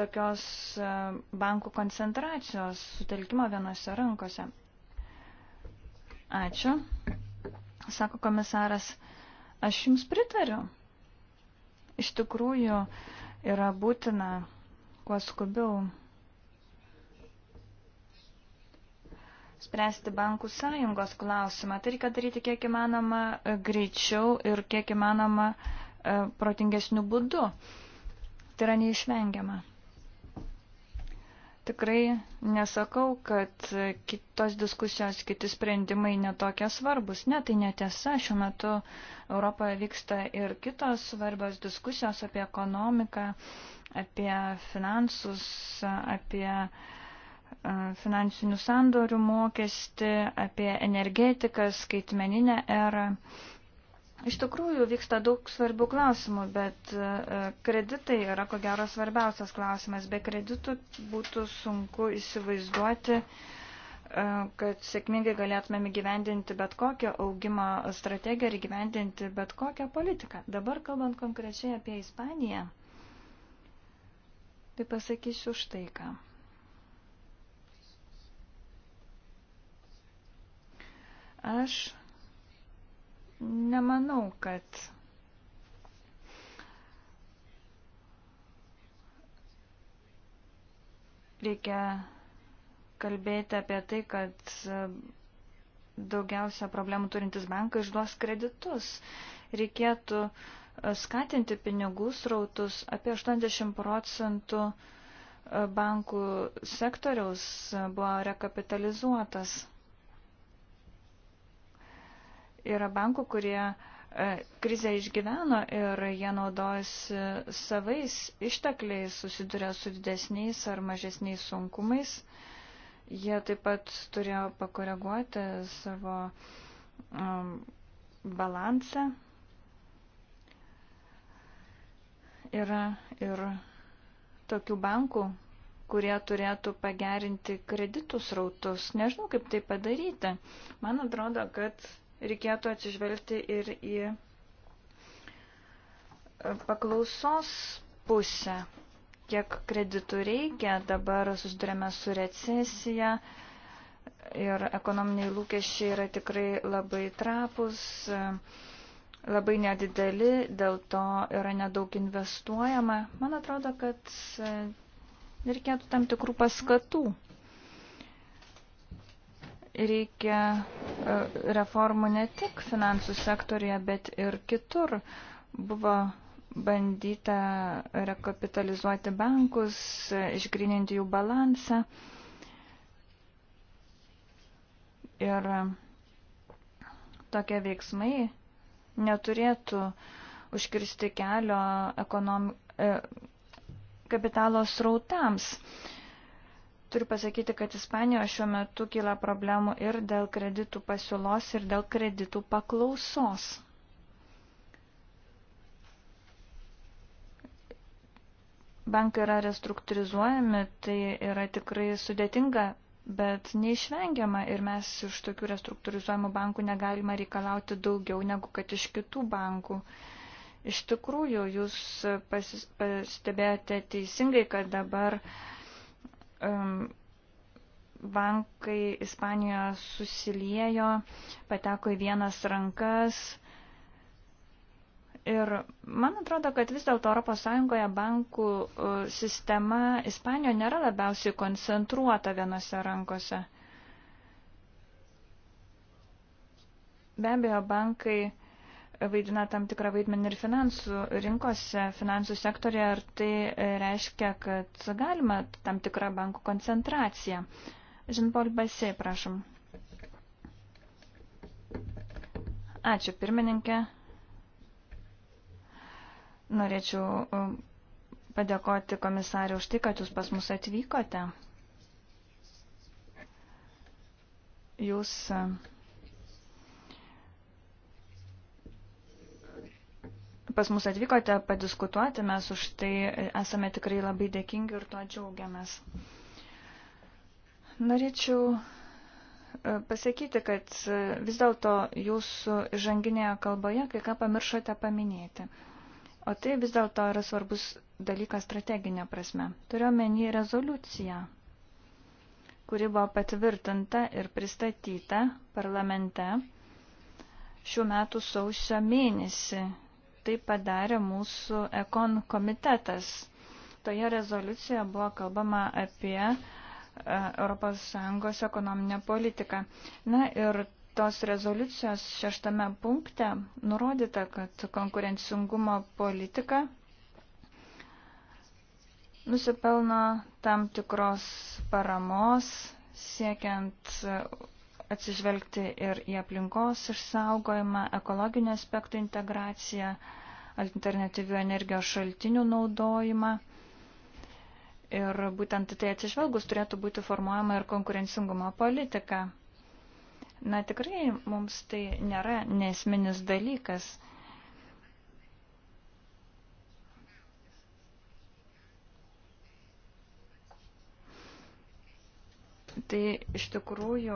tokios e, bankų koncentracijos sutelkimo vienose rankose? Ačiū, sako komisaras. Aš Jums pritariu. Iš tikrųjų yra būtina kuo skubiau spręsti bankų sąjungos klausimą. Tai reikia daryti kiek įmanoma e, greičiau ir kiek įmanoma e, protingesnių būdų. Tai yra neišvengiama. Tikrai nesakau, kad kitos diskusijos, kiti sprendimai netokie svarbus. Ne, tai netiesa. Šiuo metu Europoje vyksta ir kitos svarbios diskusijos apie ekonomiką, apie finansus, apie e, finansinių sandorių mokestį, apie energetiką, skaitmeninę erą. Iš tikrųjų vyksta daug svarbių klausimų, bet e, kreditai yra ko gero svarbiausias klausimas. Be kreditų būtų sunku įsivaizduoti, e, kad sėkmingai galėtumėm įgyvendinti bet kokią augimo strategiją ir įgyvendinti bet kokią politiką. Dabar kalbant konkrečiai apie Ispaniją, tai pasakysiu štai ką. Aš nemanau, kad reikia kalbėti apie tai, kad daugiausia problemų turintis bankai išduos kreditus. Reikėtų e, skatinti pinigų srautus. Apie 80 procentų e, bankų sektoriaus e, buvo rekapitalizuotas. Yra bankų, kurie e, krizę išgyveno ir jie naudojasi savais ištekliais, susiduria su didesniais ar mažesniais sunkumais. Jie taip pat turėjo pakoreguoti savo um, balansą. Yra ir tokių bankų, kurie turėtų pagerinti kreditų srautus. Nežinau, kaip tai padaryti. Man atrodo, kad reikėtų atsižvelgti ir į e, paklausos pusę, kiek kreditų reikia, dabar susidurėme su recesija ir ekonominiai lūkesčiai yra tikrai labai trapus, e, labai nedideli, dėl to yra nedaug investuojama. Man atrodo, kad e, reikėtų tam tikrų paskatų reikia e, reformų ne tik finansų sektorija, bet ir kitur. Buvo bandyta rekapitalizuoti bankus, išgrininti jų balansą. Ir tokie veiksmai neturėtų užkirsti kelio ekonom... E, kapitalo srautams. E, Turiu pasakyti, kad Ispanijoje šiuo metu kyla problemų ir dėl kreditų pasiūlos, ir dėl kreditų paklausos. Bankai yra restruktūrizuojami, tai yra tikrai sudėtinga, bet neišvengiama ir mes iš tokių restruktūrizuojamų bankų negalima reikalauti daugiau negu kad iš kitų bankų. Iš tikrųjų, jūs pastebėjote teisingai, kad dabar uh, um, bankai Ispanijoje susiliejo, pateko į vienas rankas. Ir man atrodo, kad vis dėlto ES bankų e, sistema Ispanijoje nėra labiausiai koncentruota vienose rankose. Be abejo, bankai vaidina tam tikrą vaidmenį ir finansų rinkose, finansų sektorėje, ir tai e, reiškia, kad galima tam tikrą bankų koncentraciją. Žinpol Basiai, prašom. Ačiū, pirmininkė. Norėčiau e, padėkoti komisarį už tai, kad jūs pas mus atvykote. Jūs uh, pas mus atvykote padiskutuoti, mes už tai esame tikrai labai dėkingi ir tuo džiaugiamės. Norėčiau e, pasakyti, kad e, vis dėlto jūsų žanginėje kalboje kai ką pamiršote paminėti. O tai vis dėlto yra svarbus dalykas strateginė prasme. Turiu menį rezoliuciją, kuri buvo patvirtinta ir pristatyta parlamente šių metų sausio mėnesį tai padarė mūsų ekon komitetas. Toje rezoliucijoje buvo kalbama apie e, ES ekonominę politiką. Na ir tos rezoliucijos šeštame punkte nurodyta, kad konkurencingumo politika nusipelno tam tikros paramos siekiant atsižvelgti ir į aplinkos išsaugojimą, ekologinio aspektų integraciją, alternatyvių energijos šaltinių naudojimą. Ir būtent tai atsižvelgus turėtų būti formuojama ir konkurencingumo politika. Na tikrai mums tai nėra nesminis dalykas. tai iš tikrųjų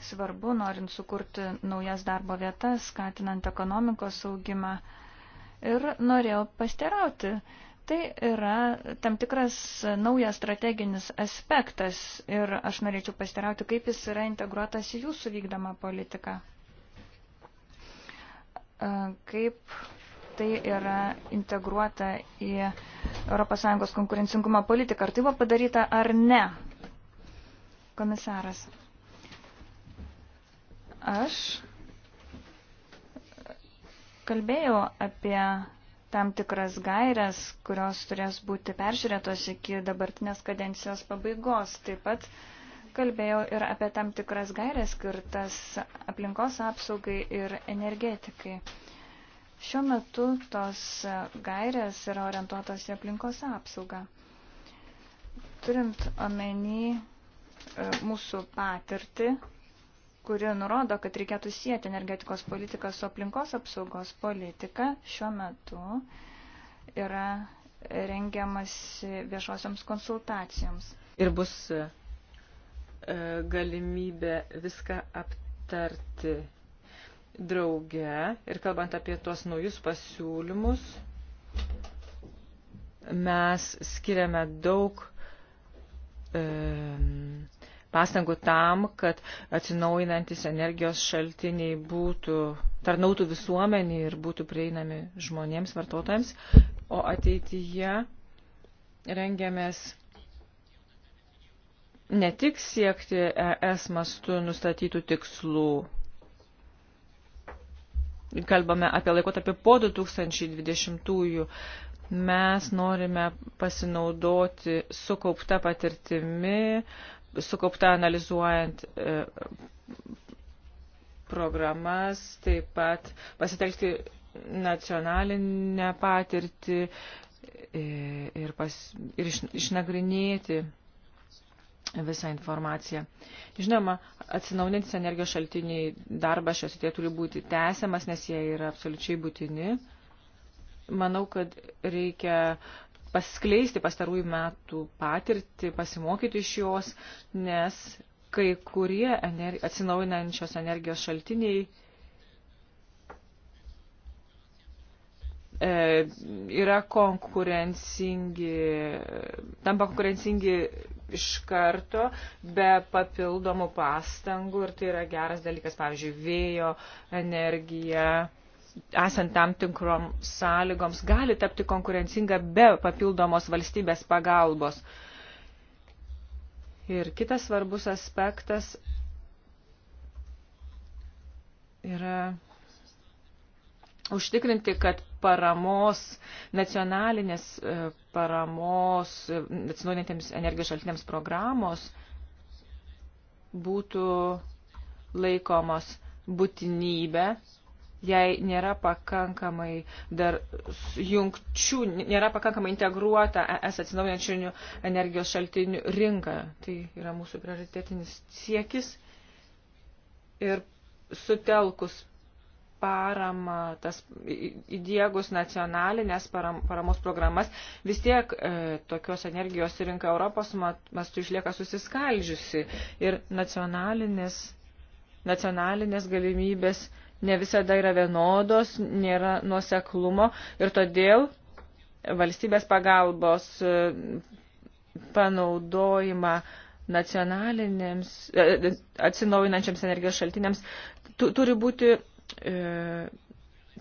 svarbu, norint sukurti naujas darbo vietas, skatinant ekonomikos augimą. Ir norėjau pasterauti. Tai yra tam tikras naujas strateginis aspektas ir aš norėčiau pasterauti, kaip jis yra integruotas į jūsų vykdomą politiką. Kaip tai yra integruota į ES konkurencingumo politiką. Ar tai buvo padaryta ar ne? Komisaras. Aš kalbėjau apie tam tikras gairias, kurios turės būti peržiūrėtos iki dabartinės kadencijos pabaigos. Taip pat kalbėjau ir apie tam tikras gairias skirtas aplinkos apsaugai ir energetikai. Šiuo metu tos gairias yra orientuotos į aplinkos apsaugą. Turint omeny e, mūsų patirtį, kuri nurodo, kad reikėtų sieti energetikos politiką su aplinkos apsaugos politika, šiuo metu yra rengiamas viešosioms konsultacijoms. Ir bus e, galimybė viską aptarti drauge ir kalbant apie tuos naujus pasiūlymus, mes skiriame daug e, pastangų tam, kad atsinaujinantis energijos šaltiniai būtų, tarnautų visuomenį ir būtų prieinami žmonėms, vartotojams, o ateityje rengiamės ne tik siekti ES mastu nustatytų tikslų. Kalbame apie laikotarpį po 2020-ųjų. Mes norime pasinaudoti sukaupta patirtimi, uh, sukaupta analizuojant e, programas, taip pat pasitelkti nacionalinę patirtį e, ir, pas, ir iš, išnagrinėti visą informaciją. Žinoma, atsinaujantis energijos šaltiniai darbas šios tie turi būti tęsiamas, nes jie yra absoliučiai būtini. Manau, kad reikia paskleisti pastarųjų metų patirtį, pasimokyti iš jos, nes kai kurie ener atsinaujinančios energijos šaltiniai e, yra konkurencingi, tampa konkurencingi iš karto be papildomų pastangų ir tai yra geras dalykas, pavyzdžiui, vėjo energija esant tam tikrom sąlygoms, gali tapti konkurencinga be papildomos valstybės pagalbos. Ir kitas svarbus aspektas yra užtikrinti, kad paramos, nacionalinės e, paramos e, atsinaujinantiems energijos šaltiniams programos būtų laikomos būtinybę jei nėra pakankamai dar jungčių, nėra pakankamai integruota es atsinaujančių energijos šaltinių rinka. Tai yra mūsų prioritetinis siekis. Ir sutelkus paramą, tas įdiegus nacionalinės param, paramos programas, vis tiek e, tokios energijos rinka Europos mastu išlieka susiskaldžiusi ir nacionalinės, nacionalinės galimybės ne visada yra vienodos, nėra nuoseklumo ir todėl valstybės pagalbos e, panaudojimą nacionalinėms e, e, atsinaujinančiams energijos šaltiniams turi būti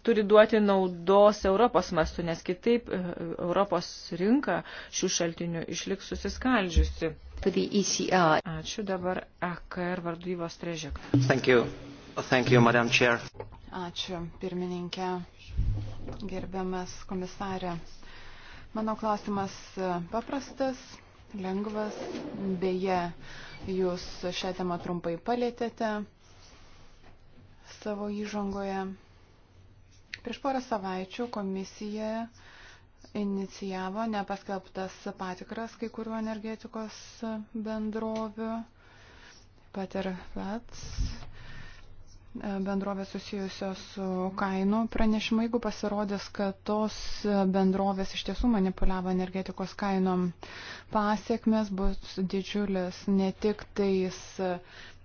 turi duoti naudos Europos mastu, nes kitaip Europos rinka šių šaltinių išliks susiskaldžiusi. Ačiū dabar AKR vardybos trežik. Thank you. Thank you, Madam Chair. Ačiū, pirmininkė, gerbiamas komisarė. Mano klausimas e, paprastas, lengvas, beje, jūs šią temą trumpai palėtėte savo įžangoje. Prieš porą savaičių komisija inicijavo nepaskelbtas patikras kai kuriuo energetikos bendroviu. Pat ir pats bendrovės susijusios su kainų pranešimu, jeigu pasirodys, kad tos bendrovės iš tiesų manipuliavo energetikos kainom, pasiekmes bus didžiulis ne tik tais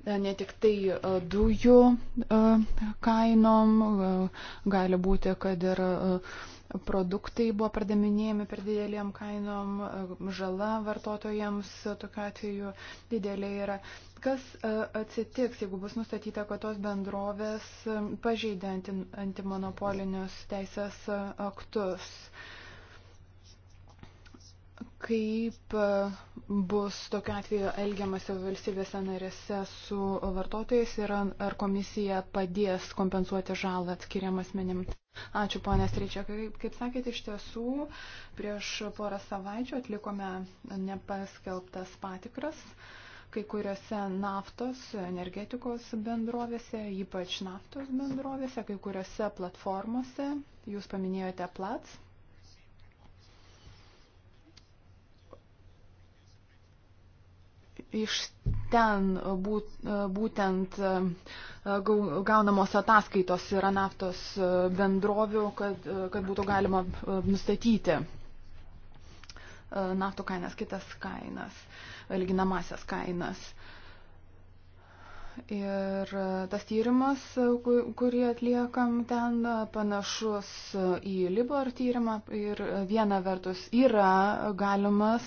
ne tik tai e, dujų e, kainom, e, gali būti, kad ir produktai buvo pardavinėjami per didelėm kainom, e, žala vartotojams tokiu atveju didelė yra. Kas e, atsitiks, jeigu bus nustatyta, kad tos bendrovės e, pažeidė antimonopolinius teisės aktus? kaip e, bus tokiu atveju elgiamasi valstybėse narėse su vartotojais ir ar komisija padės kompensuoti žalą atskiriam asmenim. Ačiū, ponė Streičia. Kaip, kaip sakėte, iš tiesų prieš porą savaičių atlikome nepaskelbtas patikras kai kuriuose naftos energetikos bendrovėse, ypač naftos bendrovėse, kai kuriuose platformose. Jūs paminėjote plats iš ten būt, būtent e, gaunamos ataskaitos yra naftos e, bendrovių, kad, e, kad būtų galima nustatyti naftų kainas, kitas kainas, lyginamasias kainas. Ir tas tyrimas, kurį atliekam ten, panašus į Libor tyrimą ir viena vertus yra galimas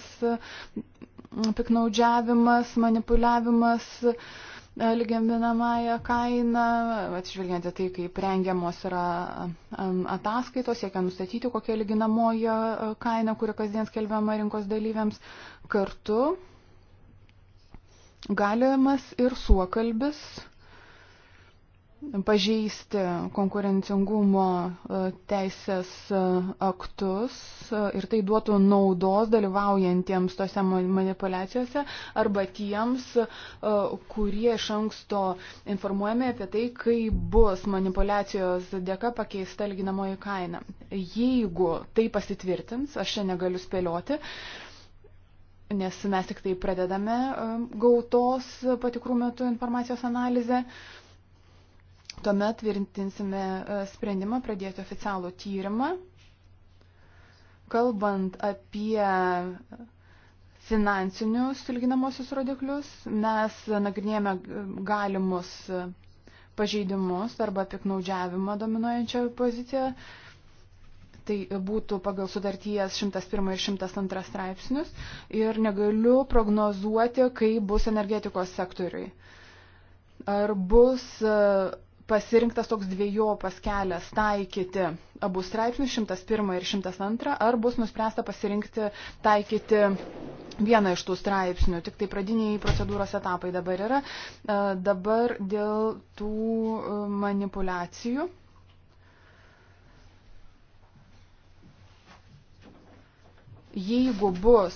piknaudžiavimas, manipuliavimas e, lygiaminamąją kainą, atsižvelgiant į tai, kaip rengiamos yra e, ataskaitos, siekia nustatyti, kokia lyginamoji e, kaina, kuri kasdien skelbiama rinkos dalyviams kartu. Galimas ir suokalbis pažeisti konkurencingumo e, teisės e, aktus e, ir tai duotų naudos dalyvaujantiems tose manipulacijose arba tiems, kurie iš anksto informuojami apie tai, kaip bus manipulacijos dėka pakeista lyginamoji kaina. Jeigu tai pasitvirtins, aš čia negaliu spėlioti, nes mes tik tai pradedame gautos patikrų metu informacijos analizę. Uh, Tuomet tvirtinsime e, sprendimą pradėti oficialų tyrimą. Kalbant apie finansinius ilginamosius rodiklius, mes nagrinėjame e, galimus e, pažeidimus arba piknaudžiavimą dominuojančią poziciją. Tai būtų pagal sudarties 101 ir 102 straipsnius ir negaliu prognozuoti, kai bus energetikos sektoriui. Ar bus pasirinktas toks dviejopas kelias taikyti abu straipsnius 101 ir 102, ar bus nuspręsta pasirinkti taikyti vieną iš tų straipsnių. Tik tai pradiniai procedūros etapai dabar yra. E, dabar dėl tų e, manipulacijų. Jeigu bus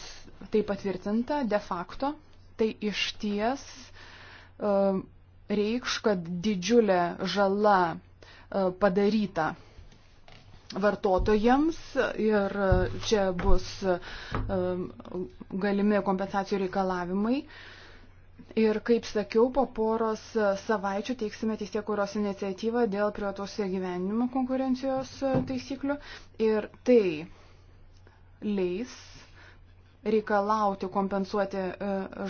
tai patvirtinta de facto, tai iš ties e, reikš, kad didžiulė žala e, padaryta vartotojams ir čia bus e, galimi kompensacijų reikalavimai. Ir kaip sakiau, po poros savaičių teiksime teisėkuros iniciatyvą dėl prievatos gyvenimo konkurencijos taisyklių ir tai leis reikalauti kompensuoti e,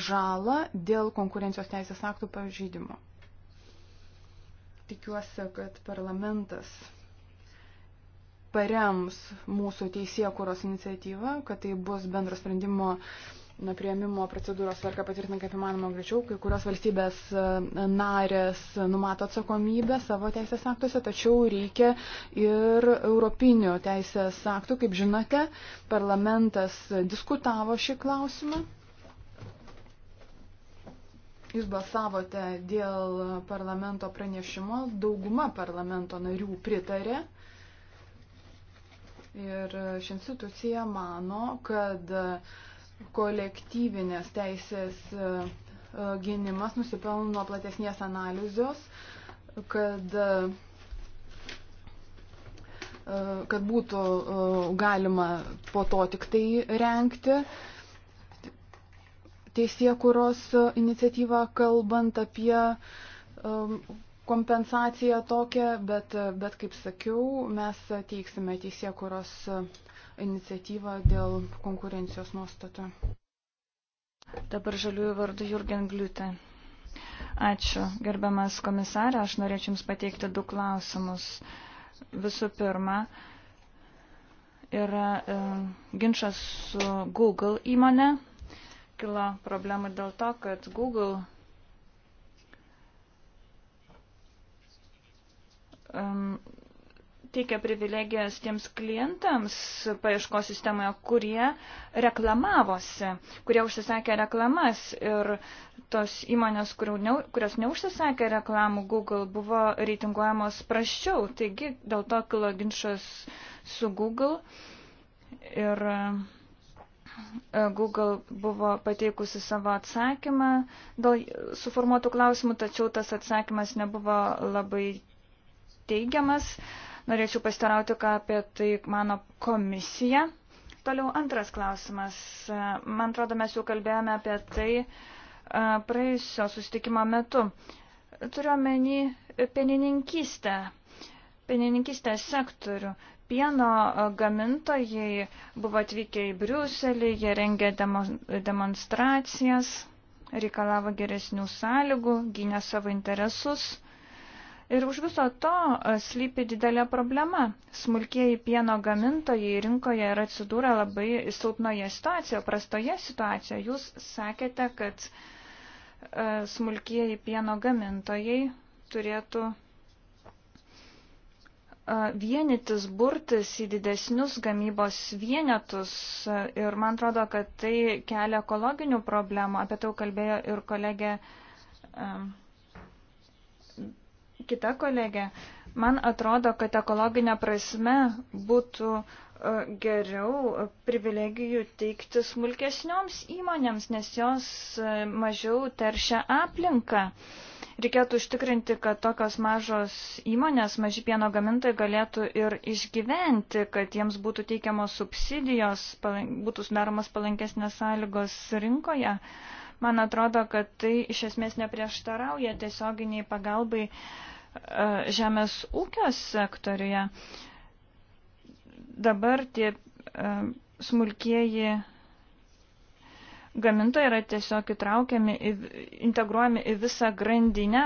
žalą dėl konkurencijos teisės aktų pažydimo. Tikiuosi, kad parlamentas parems mūsų teisėkuros iniciatyvą, kad tai bus bendro sprendimo uh, na, prieimimo procedūros tvarką patvirtinant kaip įmanoma greičiau, kai kurios valstybės e, narės numato atsakomybę savo teisės aktuose, tačiau reikia ir europinio teisės aktų. Kaip žinote, parlamentas diskutavo šį klausimą. Jūs balsavote dėl parlamento pranešimo, dauguma parlamento narių pritarė. Ir ši institucija mano, kad uh, kolektyvinės teisės e, e, gynimas nusipelno platesnės analizos, kad, e, kad būtų galima po to tik tai renkti teisėkuros iniciatyvą, kalbant apie kompensaciją tokią, bet, bet kaip sakiau, mes teiksime teisėkuros iniciatyvą dėl konkurencijos nuostatų. Dabar žaliųjų vardu Jurgen Gliutė. Ačiū, gerbiamas komisarė, aš norėčiau Jums pateikti du klausimus. Visų pirma, yra e, ginčas su Google įmonė. Kilo problemų dėl to, kad Google um, e, teikia privilegijas tiems klientams paieškos sistemoje, kurie reklamavosi, kurie užsisakė reklamas ir tos įmonės, ne, kurios neužsisakė reklamų Google, buvo reitinguojamos praščiau. Taigi dėl to kilo ginčas su Google ir e, Google buvo pateikusi savo atsakymą dėl suformuotų klausimų, tačiau tas atsakymas nebuvo labai teigiamas. Uh, Norėčiau pasitarauti, ką apie tai mano komisija. Toliau antras klausimas. Man atrodo, mes jau kalbėjome apie tai e, praėjusio susitikimo metu. Turiuomenį pienininkystę, pienininkystės sektorių. Pieno e, gamintojai buvo atvykę į Briuselį, jie rengė demonstracijas reikalavo geresnių sąlygų, gynė savo interesus. Ir už viso to e, slypi didelė problema. Smulkieji pieno gamintojai rinkoje yra atsidūrę labai silpnoje situacijoje, prastoje situacijoje. Jūs sakėte, kad e, smulkieji pieno gamintojai turėtų e, vienytis, burtis į didesnius gamybos vienetus ir man atrodo, kad tai kelia ekologinių problemų, apie tai kalbėjo ir kolegė kita kolegė, man atrodo, kad ekologinė prasme būtų e, geriau privilegijų teikti smulkesnioms įmonėms, nes jos e, mažiau teršia aplinką. Reikėtų užtikrinti, kad tokios mažos įmonės, maži pieno gamintojai galėtų ir išgyventi, kad jiems būtų teikiamos subsidijos, būtų sudaromas palankesnės sąlygos rinkoje. Uh, Man atrodo, kad tai iš esmės neprieštarauja tiesioginiai pagalbai e, žemės ūkio sektoriuje. Dabar tie e, smulkieji gamintojai yra tiesiog įtraukiami, integruojami į visą grandinę,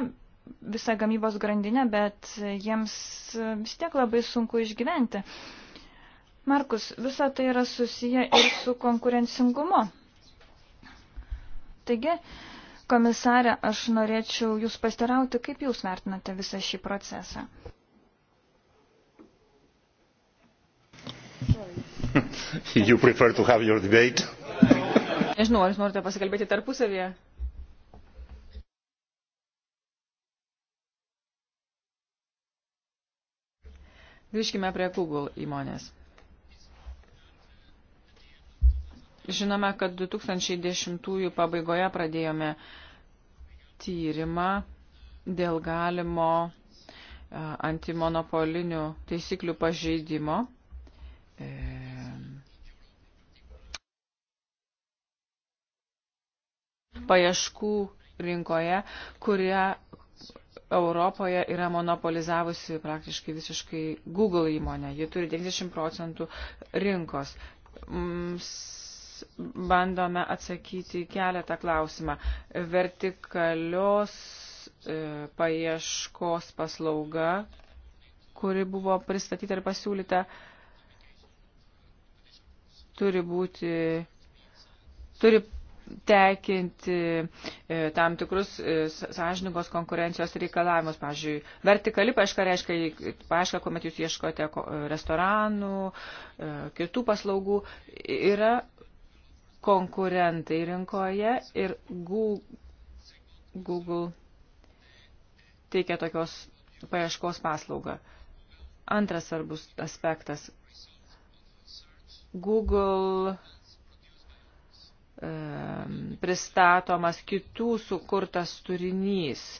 visą gamybos grandinę, bet jiems vis tiek labai sunku išgyventi. Markus, visa tai yra susiję ir su konkurencingumu. Taigi, komisarė, aš norėčiau Jūs pastirauti, kaip Jūs vertinate visą šį procesą. You prefer to have your debate? Nežinau, ar jūs norite pasikalbėti tarpusavėje? Grįžkime prie Google įmonės. Žinome, kad 2010 pabaigoje pradėjome tyrimą dėl galimo e, antimonopolinių taisyklių pažeidimo. E, paieškų rinkoje, kurie Europoje yra monopolizavusi praktiškai visiškai Google įmonė. Ji turi 90 procentų rinkos. Mums bandome atsakyti į keletą klausimą. Vertikalios e, paieškos paslauga, kuri buvo pristatyta ir pasiūlyta, turi būti, turi tekinti e, tam tikrus e, sąžiningos konkurencijos reikalavimus. Pavyzdžiui, vertikali paaiška reiškia paaiška, kuomet jūs ieškote restoranų, e, kitų paslaugų. Yra konkurentai rinkoje ir Google teikia tokios paieškos paslaugą. Antras svarbus aspektas. Google e, pristatomas kitų sukurtas turinys, e,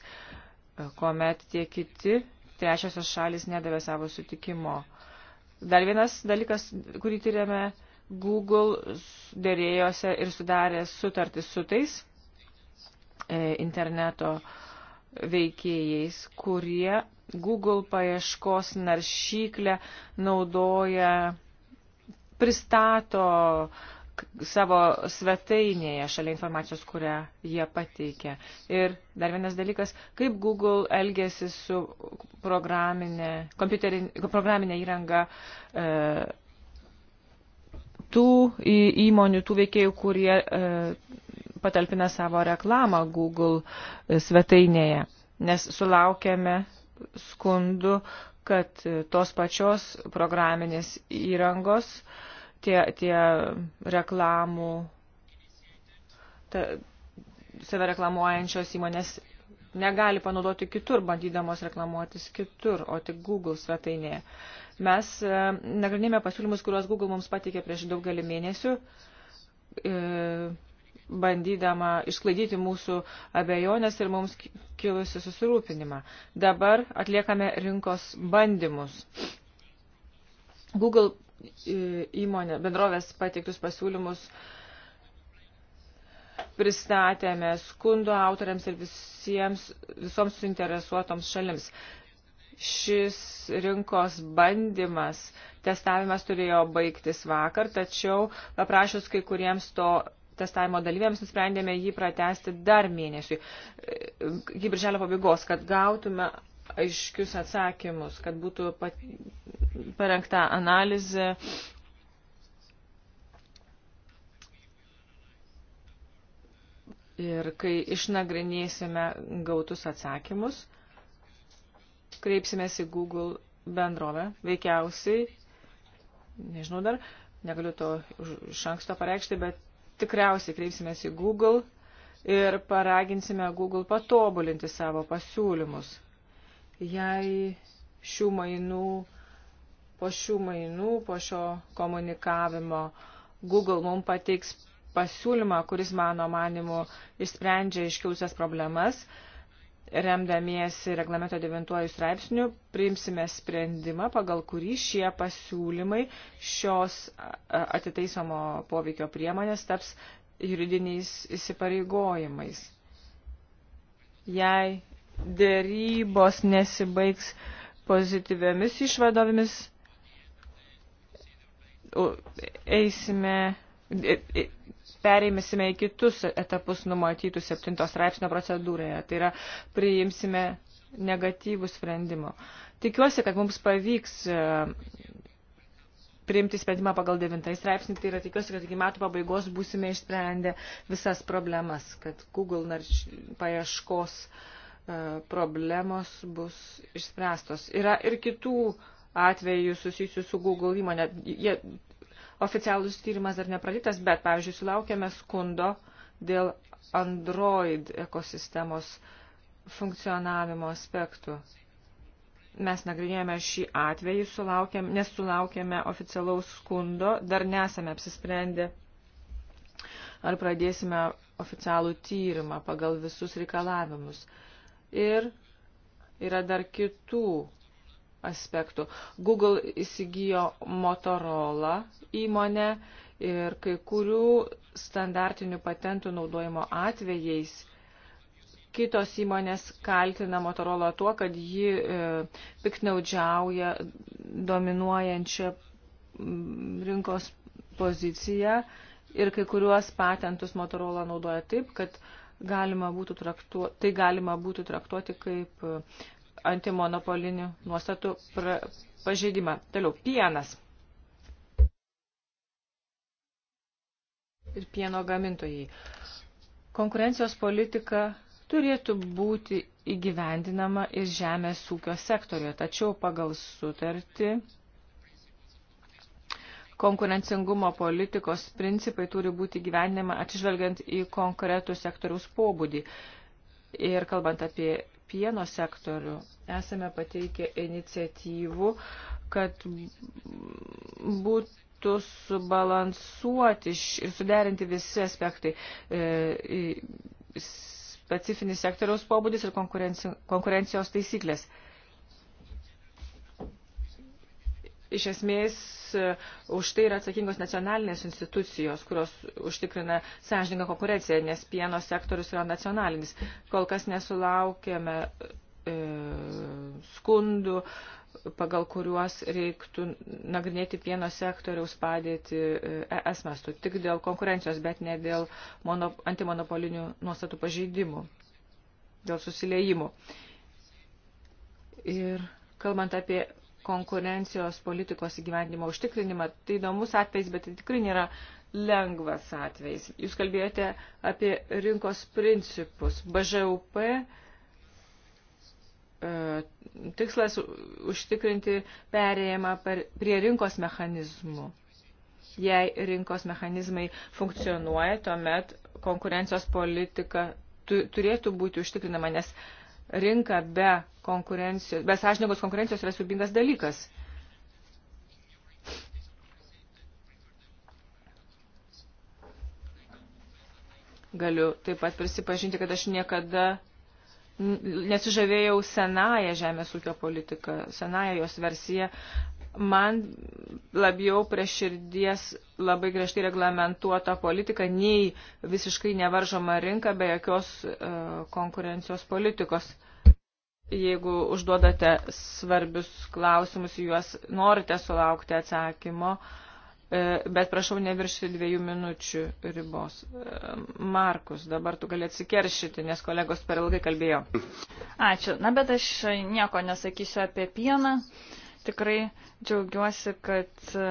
kuomet tie kiti trečiosios šalis nedavė savo sutikimo. Dar vienas dalykas, kurį tyrėme, e, Google dėrėjose ir sudarė sutartį su tais e, interneto veikėjais, kurie Google paieškos naršyklę naudoja, pristato savo svetainėje šalia informacijos, kurią jie pateikia. Ir dar vienas dalykas, kaip Google elgėsi su programinė, programinė įranga e, tų įmonių, tų veikėjų, kurie e, patalpina savo reklamą Google e, svetainėje, nes sulaukėme skundų, kad e, tos pačios programinės įrangos, tie, tie reklamų, ta, save reklamuojančios įmonės negali panaudoti kitur, bandydamos reklamuotis kitur, o tik Google svetainėje. Mes e, nagrinėjome pasiūlymus, kuriuos Google mums pateikė prieš daugelį mėnesių, e, bandydama išklaidyti mūsų abejonės ir mums kilusi susirūpinimą. Dabar atliekame rinkos bandymus. Google e, įmonė, bendrovės pateiktus pasiūlymus uh, pristatėme skundo autoriams ir visiems, visoms suinteresuotoms šalims. Šis rinkos bandymas, testavimas turėjo baigtis vakar, tačiau paprašus kai kuriems to testavimo dalyviams nusprendėme jį pratesti dar mėnesiui, iki birželio pabaigos, kad gautume aiškius atsakymus, kad būtų parengta analizė, Ir kai išnagrinėsime gautus atsakymus, kreipsimės į Google bendrovę, veikiausiai, nežinau dar, negaliu to iš anksto pareikšti, bet tikriausiai kreipsimės į Google ir paraginsime Google patobulinti savo pasiūlymus. Jei šių mainų, po šių mainų, po šio komunikavimo Google mums pateiks pasiūlymą, kuris mano manimu išsprendžia iškiausias problemas. Remdamiesi reglamento 9 straipsniu, priimsime sprendimą, pagal kurį šie pasiūlymai šios atitaisomo poveikio priemonės taps juridiniais įsipareigojimais. Jei dėrybos nesibaigs pozityviamis išvadovimis, eisime e, e, pereimėsime į kitus etapus numatytus 7 straipsnio procedūroje. Tai yra, priimsime negatyvų sprendimą. Tikiuosi, kad mums pavyks e, priimti sprendimą pagal 9 straipsnį, tai yra tikiuosi, kad iki metų pabaigos būsime išsprendę visas problemas, kad Google narš, paieškos e, problemos bus išspręstos. Yra ir kitų atvejų susijusių su Google įmonė. Jie oficialus tyrimas dar nepradėtas, bet, pavyzdžiui, sulaukėme skundo dėl Android ekosistemos funkcionavimo aspektų. Mes nagrinėjame šį atvejį, sulaukėm, nes sulaukėme oficialaus skundo, dar nesame apsisprendę, ar pradėsime oficialų tyrimą pagal visus reikalavimus. Ir yra dar kitų aspektų. Google įsigijo Motorola įmonę ir kai kurių standartinių patentų naudojimo atvejais kitos įmonės kaltina Motorola tuo, kad ji e, piknaudžiauja dominuojančią mm, rinkos poziciją ir kai kuriuos patentus Motorola naudoja taip, kad galima būtų traktuo, tai galima būtų traktuoti kaip e, antimonopolinių nuostatų pra, pažeidimą. Toliau, pienas. Ir pieno gamintojai. Konkurencijos politika turėtų būti įgyvendinama ir žemės ūkio sektorioje, tačiau pagal sutartį konkurencingumo politikos principai turi būti gyvenima atsižvelgiant į konkretų sektoriaus pobūdį. Ir kalbant apie pieno sektorių. Esame pateikę iniciatyvų, kad būtų subalansuoti ir suderinti visi aspektai e, specifinis sektoriaus pobūdis ir konkurencijos taisyklės. iš esmės e, už tai yra atsakingos nacionalinės institucijos, kurios užtikrina sąžininką konkurenciją, nes pieno sektorius yra nacionalinis. Kol kas nesulaukėme e, skundų, pagal kuriuos reiktų nagrinėti pieno sektoriaus padėti ES e mastu, tik dėl konkurencijos, bet ne dėl mono, antimonopolinių nuostatų pažeidimų, dėl susiliejimų. Ir kalbant apie konkurencijos politikos įgyvendimo užtikrinimą. Tai įdomus atvejs, bet tai tikrai nėra lengvas atvejs. Jūs kalbėjote apie rinkos principus. BŽUP e, tikslas užtikrinti perėjimą per, prie rinkos mechanizmų. Jei rinkos mechanizmai funkcionuoja, tuomet konkurencijos politika turėtų būti užtikrinama, nes uh, rinka be konkurencijos, be sąžiningos konkurencijos yra siubingas dalykas. Galiu taip pat prisipažinti, kad aš niekada nesižavėjau senąją žemės ūkio politiką, senąją jos versiją man labiau prie širdies labai griežtai reglamentuota politika nei visiškai nevaržoma rinka be jokios e, konkurencijos politikos. Jeigu užduodate svarbius klausimus, juos norite sulaukti atsakymo, e, bet prašau neviršti dviejų minučių ribos. E, Markus, dabar tu gali atsikeršyti, nes kolegos per ilgai kalbėjo. Ačiū. Na, bet aš nieko nesakysiu apie pieną. E, tikrai džiaugiuosi, kad e,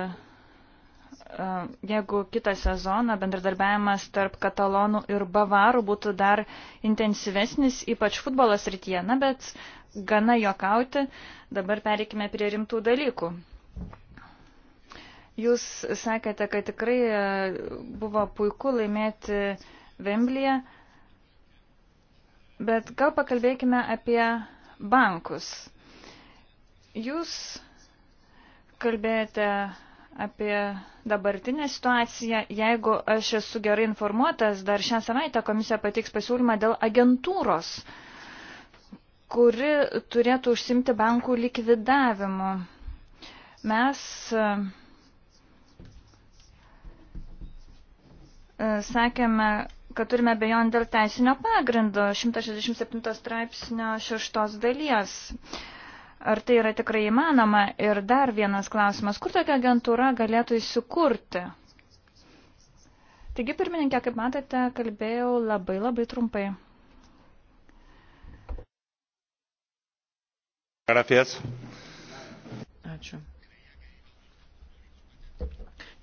jeigu kitą sezoną bendradarbiavimas tarp katalonų ir bavarų būtų dar intensyvesnis, ypač futbolas rytyje. Na, bet gana jokauti, dabar pereikime prie rimtų dalykų. Jūs sakėte, kad tikrai e, buvo puiku laimėti Vemblyje, bet gal pakalbėkime apie bankus. Jūs kalbėjote apie dabartinę situaciją. Jeigu aš esu gerai informuotas, dar šią savaitę komisija pateiks pasiūlymą dėl agentūros, kuri turėtų užsimti bankų likvidavimu. Mes e, sakėme, kad turime bejon dėl teisinio pagrindo 167 straipsnio šeštos dalies. Ar tai yra tikrai įmanoma? Ir dar vienas klausimas, kur tokia agentūra galėtų įsikurti? Taigi, pirmininkė, kaip matote, kalbėjau labai labai trumpai. Gracias. Ačiū.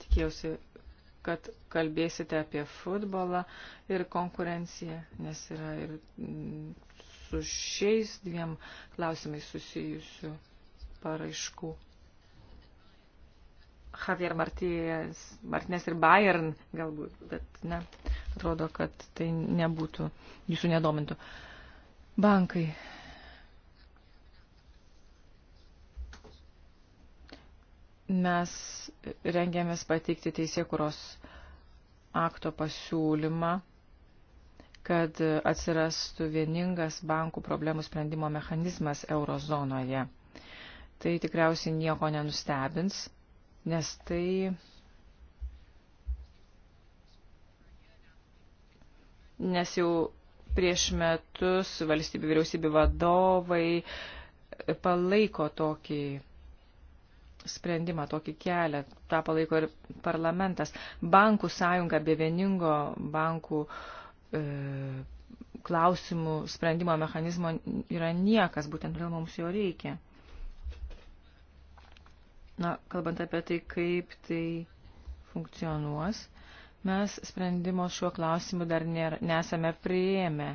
Tikėjausi, kad kalbėsite apie futbolą ir konkurenciją, nes yra ir mm, su šiais dviem klausimais susijusių paraiškų. Javier Martijas, Martinės ir Bayern galbūt, bet ne, atrodo, kad tai nebūtų, jūsų nedomintų. Bankai. Mes rengėmės pateikti teisėkuros akto pasiūlymą kad atsirastų vieningas bankų problemų sprendimo mechanizmas eurozonoje. Tai tikriausiai nieko nenustebins, nes tai nes jau prieš metus valstybių vyriausybių vadovai palaiko tokį sprendimą, tokį kelią. Ta palaiko ir parlamentas. Bankų sąjunga be vieningo bankų uh, E, klausimų sprendimo mechanizmo yra niekas, būtent todėl mums jo reikia. Na, kalbant apie tai, kaip tai funkcionuos, mes sprendimo šiuo klausimu dar nėra, nesame prieėmę.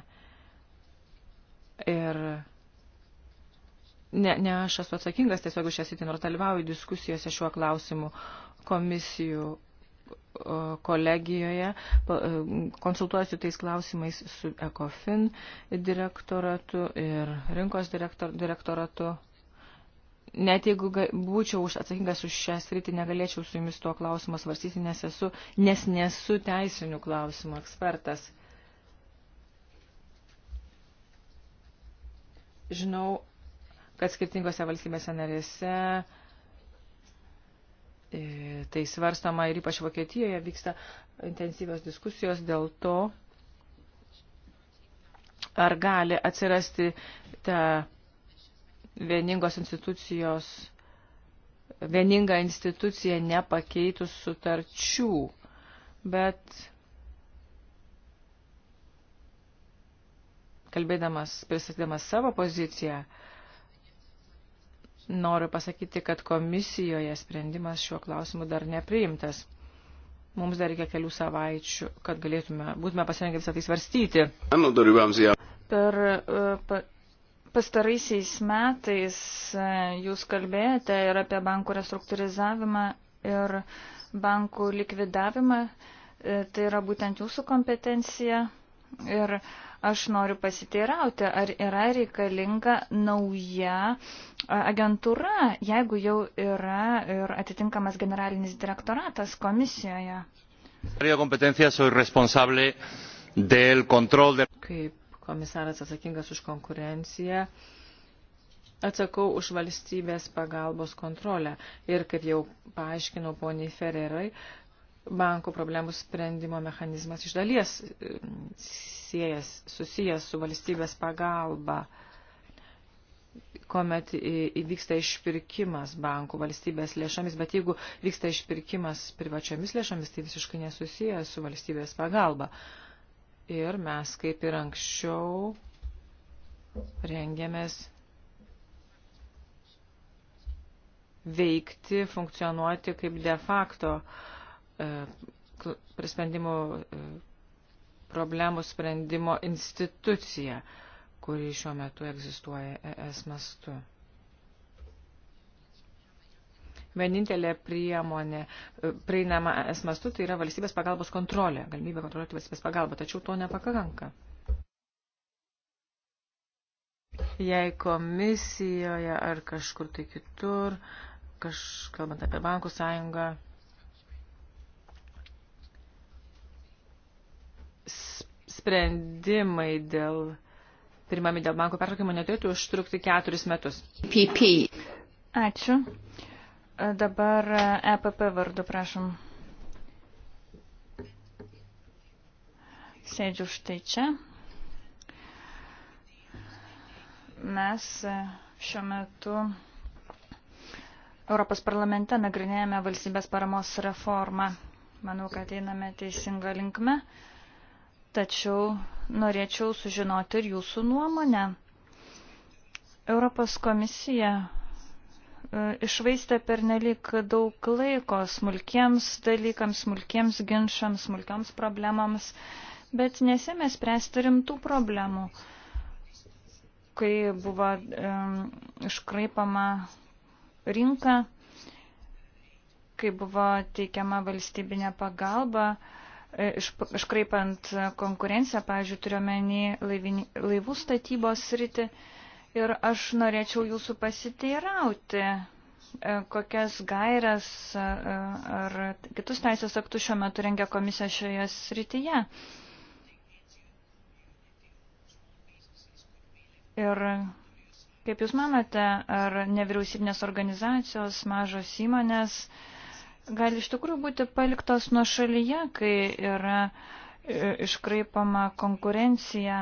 Ir ne, ne aš esu atsakingas, tiesiog aš esu ten ir dalyvauju diskusijose šiuo klausimu komisijų kolegijoje, e, konsultuosiu tais klausimais su ECOFIN direktoratu ir rinkos direktor, direktoratu. Net jeigu būčiau atsakingas už šią sritį, negalėčiau su jumis tuo klausimą svarstyti, nes, esu, nes nesu teisinių klausimų ekspertas. Žinau, kad skirtingose valstybėse narėse uh, E, tai svarstama ir ypač Vokietijoje vyksta intensyvios diskusijos dėl to, ar gali atsirasti ta vieningos institucijos, vieninga institucija nepakeitus sutarčių, bet kalbėdamas, pristatydamas savo poziciją, Noriu pasakyti, kad komisijoje sprendimas šiuo klausimu dar nepriimtas. Mums dar reikia kelių savaičių, kad galėtume, būtume pasirengę visą tai svarstyti. Per e, pa, pastaraisiais metais e, jūs kalbėjote ir apie bankų restruktūrizavimą ir bankų likvidavimą. E, tai yra būtent jūsų kompetencija. Ir uh, Aš noriu pasiteirauti, ar yra reikalinga nauja agentūra, jeigu jau yra ir atitinkamas generalinis direktoratas komisijoje. Kaip komisaras atsakingas už konkurenciją, atsakau už valstybės pagalbos kontrolę. Ir kaip jau paaiškinau poniai Ferrerai, banko problemų sprendimo mechanizmas iš dalies e, siejas, susijęs su valstybės pagalba, kuomet įvyksta išpirkimas bankų valstybės lėšomis, bet jeigu vyksta išpirkimas privačiomis lėšomis, tai visiškai nesusijęs su valstybės pagalba. Ir mes, kaip ir anksčiau, rengiamės veikti, funkcionuoti kaip de facto e, sprendimų e, problemų sprendimo institucija, kuri šiuo metu egzistuoja ES mastu. Vienintelė priemonė e, prieinama ES mastu tai yra valstybės pagalbos kontrolė, galimybė kontroliuoti valstybės pagalbą, tačiau to nepakanka jei komisijoje ar kažkur tai kitur, kaž, kalbant apie bankų sąjungą, sprendimai dėl, pirmami dėl bankų pertraukimo neturėtų užtrukti keturis metus. PP. Ačiū. E, dabar EPP e vardu, prašom. Sėdžiu štai čia. Mes e, šiuo metu Europos parlamente nagrinėjame valstybės paramos reformą. Manau, kad einame teisinga linkme tačiau norėčiau sužinoti ir jūsų nuomonę. Europos komisija e, išvaistė pernelyg daug laiko smulkiems dalykams, smulkiems ginčiams, smulkioms problemams, bet nesėmė spręsti rimtų problemų, kai buvo e, iškraipama rinka, kai buvo teikiama valstybinė pagalba. E, E, iškraipant konkurenciją, pavyzdžiui, turiuomenį laivų statybos sritį. Ir aš norėčiau jūsų pasiteirauti, e, kokias gairias e, ar kitus teisės aktus šiuo metu rengia komisija šioje srityje. Ir kaip Jūs manote, ar nevyriausybinės organizacijos, mažos įmonės, uh, gali iš tikrųjų būti paliktos nuo šalyje, kai yra e, iškraipama konkurencija.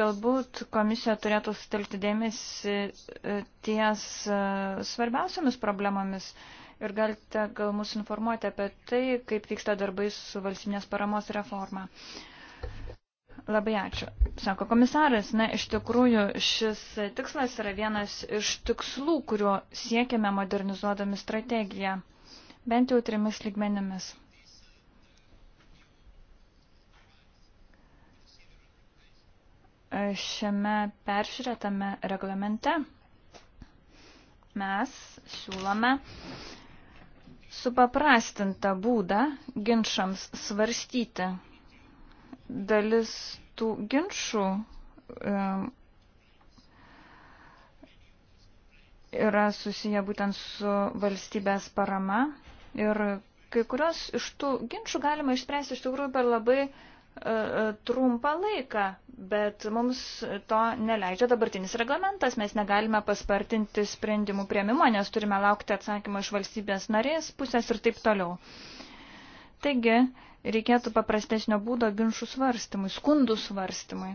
Galbūt komisija turėtų sutelkti dėmesį e, ties e, svarbiausiamis problemomis ir galite gal mus informuoti apie tai, kaip vyksta darbai su valstybinės paramos reforma. Labai ačiū. Sako komisaras, na, iš tikrųjų šis tikslas yra vienas iš tikslų, kuriuo siekiame modernizuodami strategiją bent jau trimis lygmenėmis. Šiame peržiūrėtame reglamente mes siūlome supaprastintą būdą ginčiams svarstyti. Dalis tų ginčių e, yra susiję būtent su valstybės parama Ir kai kurios iš tų ginčių galima išspręsti iš tikrųjų per labai e, e, trumpą laiką, bet mums to neleidžia dabartinis reglamentas. Mes negalime paspartinti sprendimų prieimimo, nes turime laukti atsakymą iš valstybės narės pusės ir taip toliau. Taigi, reikėtų paprastesnio būdo ginčių svarstymui, skundų svarstymui.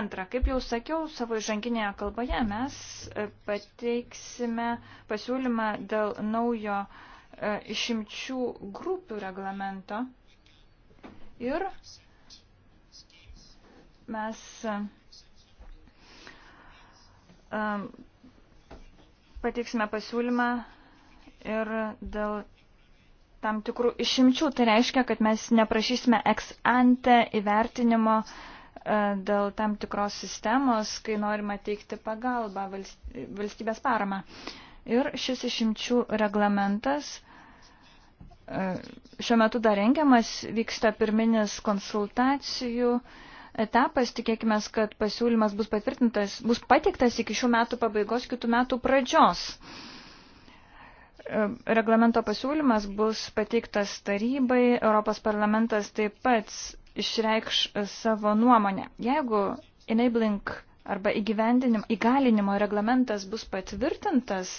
Antra, kaip jau sakiau, savo įžanginėje kalboje mes e, pateiksime pasiūlymą dėl naujo uh, E, išimčių grupių reglamento ir mes e, e, pateiksime pasiūlymą ir dėl tam tikrų išimčių. Tai reiškia, kad mes neprašysime ex ante įvertinimo dėl tam tikros sistemos, kai norima teikti pagalbą valstybės paramą. Ir šis išimčių reglamentas E, šiuo metu dar rengiamas vyksta pirminis konsultacijų etapas, tikėkime, kad pasiūlymas bus patvirtintas, bus pateiktas iki šių metų pabaigos, kitų metų pradžios. E, reglamento pasiūlymas bus pateiktas tarybai, Europos parlamentas taip pat išreikš savo nuomonę. Jeigu enabling arba įgyvendinimo, įgalinimo reglamentas bus patvirtintas,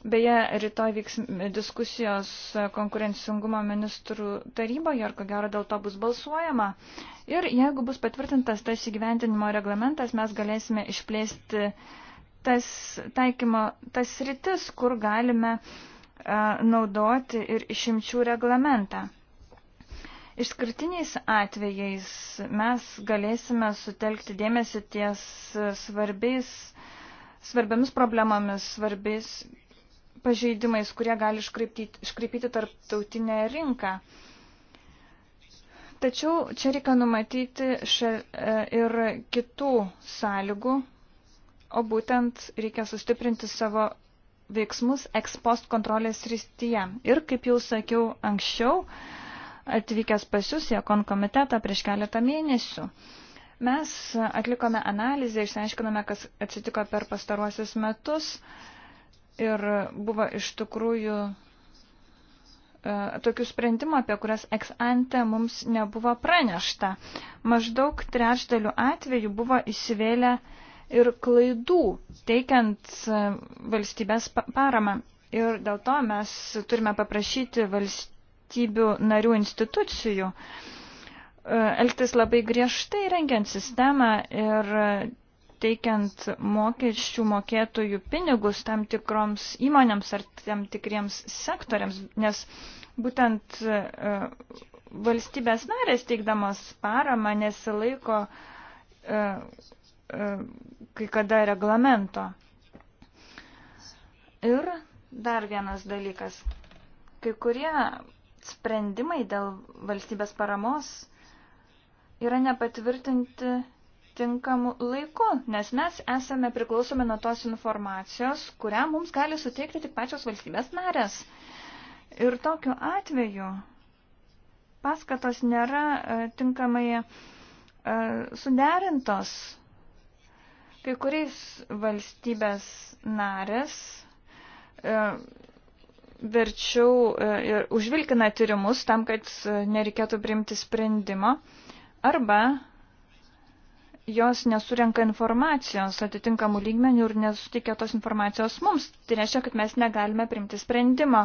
Beje, rytoj vyks diskusijos konkurencingumo ministrų taryboje ir ko gero dėl to bus balsuojama. Ir jeigu bus patvirtintas tas įgyvendinimo reglamentas, mes galėsime išplėsti tas taikymo, tas rytis, kur galime naudoti ir išimčių reglamentą. Išskirtiniais atvejais mes galėsime sutelkti dėmesį ties svarbiais svarbiamis problemomis, svarbiais pažeidimais, kurie gali iškraipyti tarptautinę rinką. Tačiau čia reikia numatyti šia, e, ir kitų sąlygų, o būtent reikia sustiprinti savo veiksmus ekspost kontrolės rystyje. Ir kaip jau sakiau anksčiau, atvykęs pas jūs į Ekon komitetą prieš keletą mėnesių, mes atlikome analizę, išsiaiškinome, kas atsitiko per pastaruosius metus. Uh, Ir buvo iš tikrųjų e, tokių sprendimų, apie kurias ex ante mums nebuvo pranešta. Maždaug trečdalių atvejų buvo įsivėlę ir klaidų teikiant e, valstybės paramą. Ir dėl to mes turime paprašyti valstybių narių institucijų e, elgtis labai griežtai rengiant sistemą ir teikiant mokesčių mokėtojų pinigus tam tikroms įmonėms ar tam tikriems sektoriams, nes būtent e, valstybės narės teikdamos paramą nesilaiko e, e, kai kada reglamento. Ir dar vienas dalykas. Kai kurie sprendimai dėl valstybės paramos yra nepatvirtinti tinkamu laiku, nes mes esame priklausomi nuo tos informacijos, kurią mums gali suteikti tik pačios valstybės narės. Ir tokiu atveju paskatos nėra e, tinkamai e, suderintos. Kai kuriais valstybės narės e, verčiau ir užvilkina tyrimus tam, kad nereikėtų priimti sprendimo. Arba jos nesurenka informacijos atitinkamų lygmenių ir nesuteikia tos informacijos mums. Tai reiškia, kad mes negalime primti sprendimo.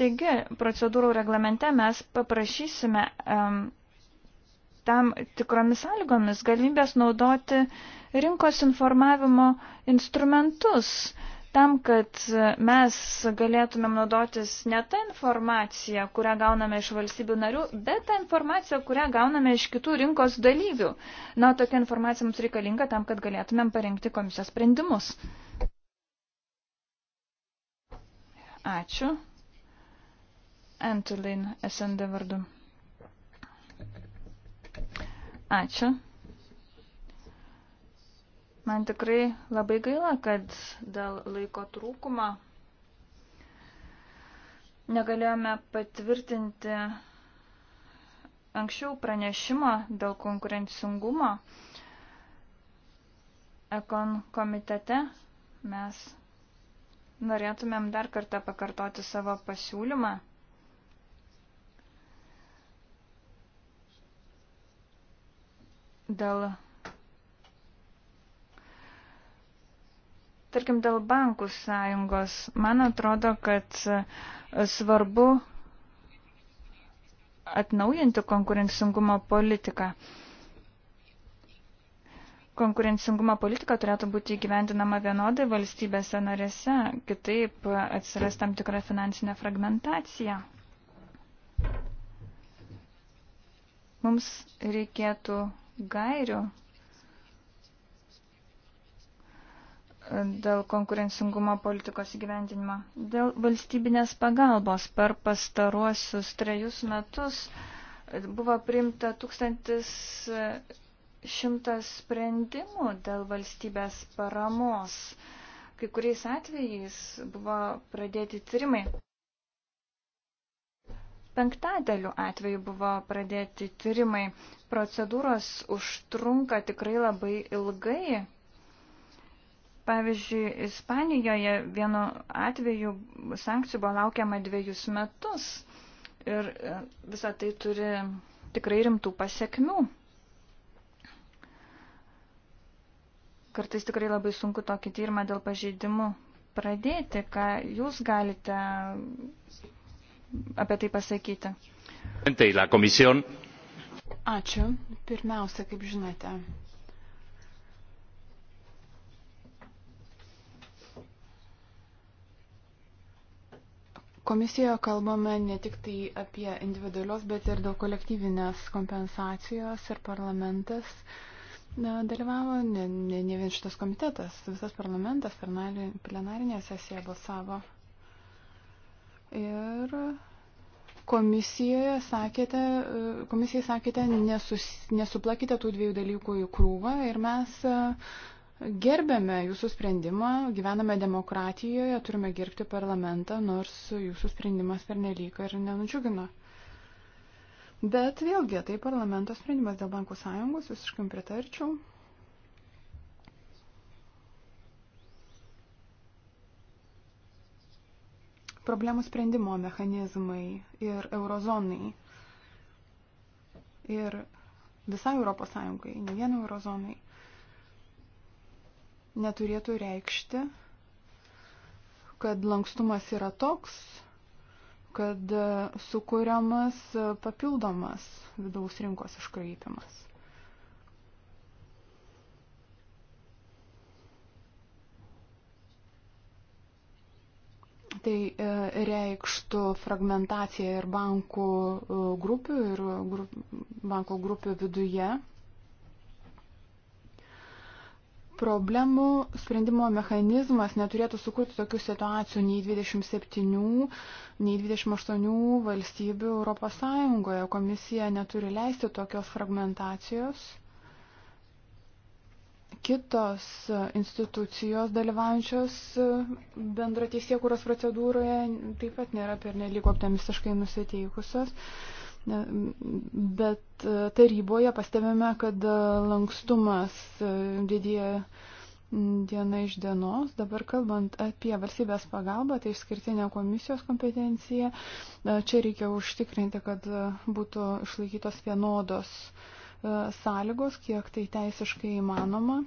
Taigi, procedūrų reglamente mes paprašysime um, tam tikromis sąlygomis galimybės naudoti rinkos informavimo instrumentus. Uh, tam, kad mes galėtumėm naudotis ne tą informaciją, kurią gauname iš valstybių narių, bet tą informaciją, kurią gauname iš kitų rinkos dalyvių. Na, tokia informacija mums reikalinga tam, kad galėtumėm parengti komisijos sprendimus. Ačiū. Antolin SND vardu. Ačiū. Man tikrai labai gaila, kad dėl laiko trūkumo negalėjome patvirtinti anksčiau pranešimo dėl konkurencingumo. Ekon komitete mes norėtumėm dar kartą pakartoti savo pasiūlymą. Dėl Tarkim, dėl bankų sąjungos, man atrodo, kad e, svarbu atnaujinti konkurencingumo politiką. Konkurencingumo politika turėtų būti įgyvendinama vienodai valstybėse narėse, kitaip atsiras tam tikra finansinė fragmentacija. Mums reikėtų gairių dėl konkurencingumo politikos įgyvendinimo. Dėl valstybinės pagalbos per pastaruosius trejus metus buvo priimta 1100 sprendimų dėl valstybės paramos. Kai kuriais atvejais buvo pradėti tyrimai. Penktadalių atveju buvo pradėti tyrimai. Procedūros užtrunka tikrai labai ilgai Pavyzdžiui, Ispanijoje vienu atveju sankcijų buvo laukiama dviejus metus ir e, visą tai turi tikrai rimtų pasiekmių. Kartais tikrai labai sunku tokį tyrimą dėl pažeidimų pradėti, ką jūs galite apie tai pasakyti. Ačiū. Pirmiausia, kaip žinote, Komisijoje kalbame ne tik tai apie individualios, bet ir dėl kolektyvinės kompensacijos ir parlamentas na, dalyvavo, ne, ne, ne vien šitas komitetas, visas parlamentas plenarinėje sesijoje balsavo. Ir komisijoje sakėte, komisijai sakėte, nesus, nesuplakite tų dviejų dalykų į krūvą ir mes Gerbėme jūsų sprendimą, gyvename demokratijoje, turime gerbti parlamentą, nors jūsų sprendimas per nelyką ir nenudžiugino. Bet vėlgi, tai parlamento sprendimas dėl bankų sąjungos, visiškai pritarčiau. Problemų sprendimo mechanizmai ir eurozonai ir visai Europos Sąjungai, ne vien eurozonai neturėtų reikšti, kad lankstumas yra toks, kad e, sukūriamas e, papildomas vidaus rinkos iškraipimas. Tai e, reikštų fragmentaciją ir bankų grupių ir grup, bankų grupių viduje problemų sprendimo mechanizmas neturėtų sukurti tokių situacijų nei 27, nei 28 valstybių ES. Komisija neturi leisti tokios fragmentacijos. Kitos institucijos dalyvaujančios bendro teisėkūros procedūroje taip pat nėra pernelyg optimistiškai nusiteikusios. Uh, Bet e, taryboje pastebėme, kad e, lankstumas e, didėja diena iš dienos. Dabar kalbant apie valstybės pagalbą, tai išskirtinė komisijos kompetencija. Čia reikia užtikrinti, kad būtų išlaikytos vienodos sąlygos, kiek tai teisiškai įmanoma.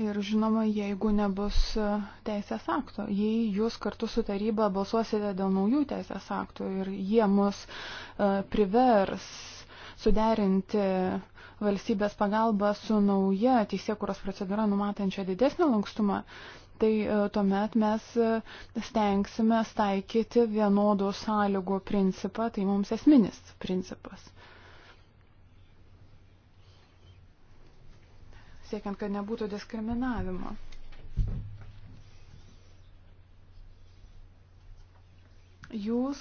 Ir žinoma, jeigu nebus e, teisės akto, jei jūs kartu su taryba balsuosite dėl naujų teisės aktų ir jie mus e, privers suderinti valstybės pagalbą su nauja teisėkuros procedūra numatančia didesnį lankstumą, tai e, tuomet mes stengsime staikyti vienodų sąlygų principą, tai mums esminis principas. siekiant, kad nebūtų diskriminavimo. Jūs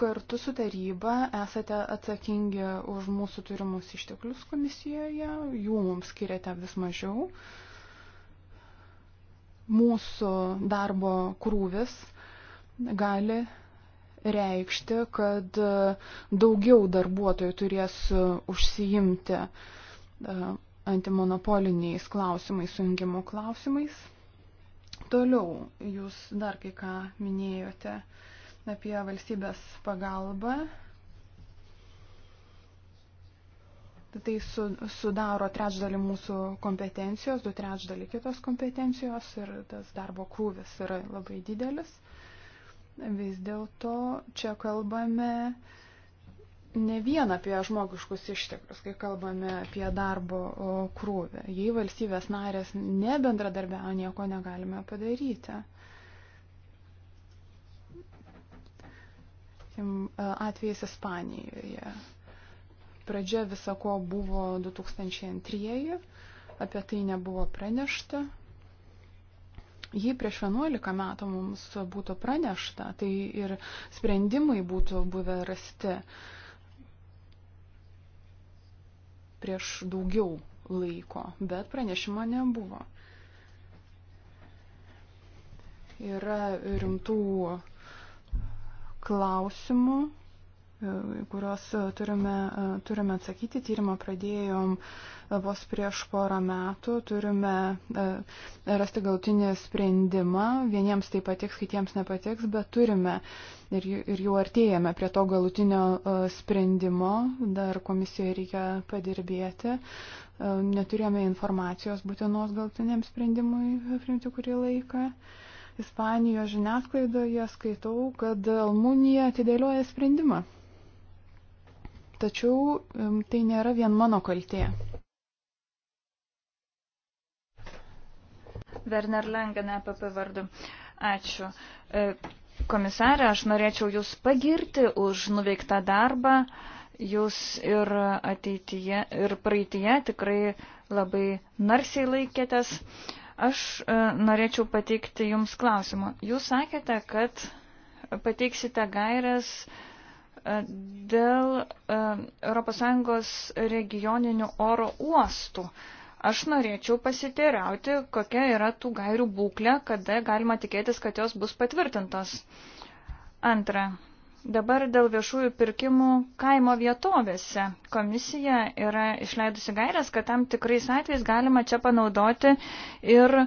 kartu su taryba esate atsakingi už mūsų turimus išteklius komisijoje, jų mums skiriate vis mažiau. Mūsų darbo krūvis gali reikšti, kad daugiau darbuotojų turės užsiimti antimonopoliniais klausimais, sujungimo klausimais. Toliau jūs dar kai ką minėjote apie valstybės pagalbą. Tai su, sudaro trečdalį mūsų kompetencijos, du trečdalį kitos kompetencijos ir tas darbo krūvis yra labai didelis. Vis dėlto čia kalbame uh, ne vien apie žmogiškus išteklius, kai kalbame apie darbo krūvį. Jei valstybės narės nebendradarbiavo, nieko negalime padaryti. E, Atvejais Ispanijoje. Pradžia visako buvo 2002, apie tai nebuvo pranešta. Jei prieš 11 metų mums būtų pranešta, tai ir sprendimai būtų buvę rasti. Uh, prieš daugiau laiko, bet pranešimo nebuvo. Yra rimtų klausimų E, kuriuos e, turime, e, turime atsakyti. Tyrimą pradėjom vos prieš porą metų. Turime rasti gautinį sprendimą. Vieniems tai patiks, kitiems nepatiks, bet turime ir, ir jau artėjame prie to galutinio sprendimo. Dar komisijoje reikia padirbėti. Neturėjome informacijos būtinos galutiniam sprendimui priimti kurį laiką. Ispanijos žiniasklaidoje skaitau, kad Almunija atidėlioja sprendimą. Tačiau tai nėra vien mano kaltė. Werner Langen, APP vardu. Ačiū. E, komisarė, aš norėčiau Jūs pagirti už nuveiktą darbą. Jūs ir ateityje, ir praeitie tikrai labai narsiai laikėtės. Aš e, norėčiau pateikti Jums klausimą. Jūs sakėte, kad pateiksite gairias dėl ES regioninių oro uostų. Aš norėčiau pasiteirauti, kokia yra tų gairių būklė, kada galima tikėtis, kad jos bus patvirtintos. Antra. Dabar dėl viešųjų pirkimų kaimo vietovėse. Komisija yra išleidusi gairias, kad tam tikrais atvejais galima čia panaudoti ir e,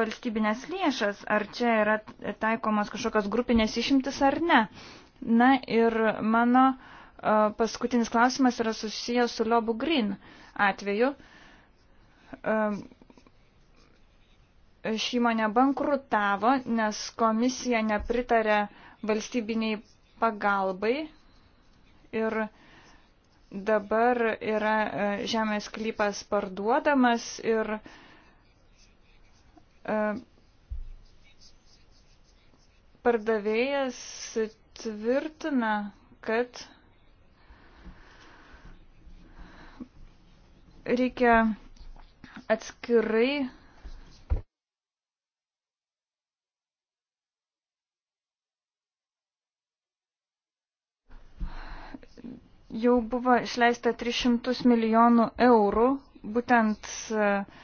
valstybinės lėšas. Ar čia yra taikomos kažkokios grupinės išimtis ar ne. E, Na ir mano paskutinis klausimas yra susijęs su Lobu Green atveju. Ši įmonė bankrutavo, nes komisija nepritarė valstybiniai pagalbai ir dabar yra žemės klypas parduodamas ir pardavėjas tvirtina, kad reikia atskirai jau buvo išleista 300 milijonų eurų būtent uh,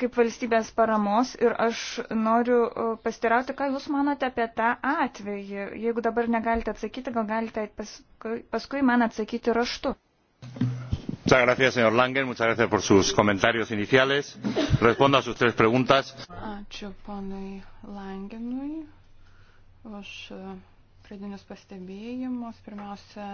kaip valstybės paramos ir aš noriu e, pastirauti, ką Jūs manote apie tą atvejį. Jeigu dabar negalite atsakyti, gal galite paskui, paskui man atsakyti raštu. Muchas gracias, señor Langen. Muchas gracias por sus comentarios iniciales. Respondo a sus tres preguntas. Ačiū ponui Langenui už pradinius pastebėjimus. Pirmiausia,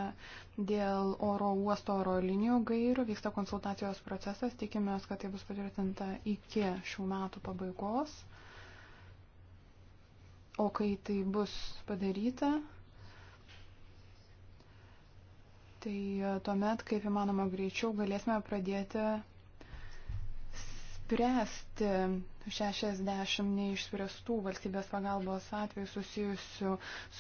dėl oro uosto oro linijų gairių vyksta konsultacijos procesas. Tikimės, kad tai bus patvirtinta iki šių metų pabaigos. O kai tai bus padaryta, tai tuomet, kaip įmanoma greičiau, galėsime pradėti spręsti 60 neišspręstų valstybės pagalbos atvejų susijusių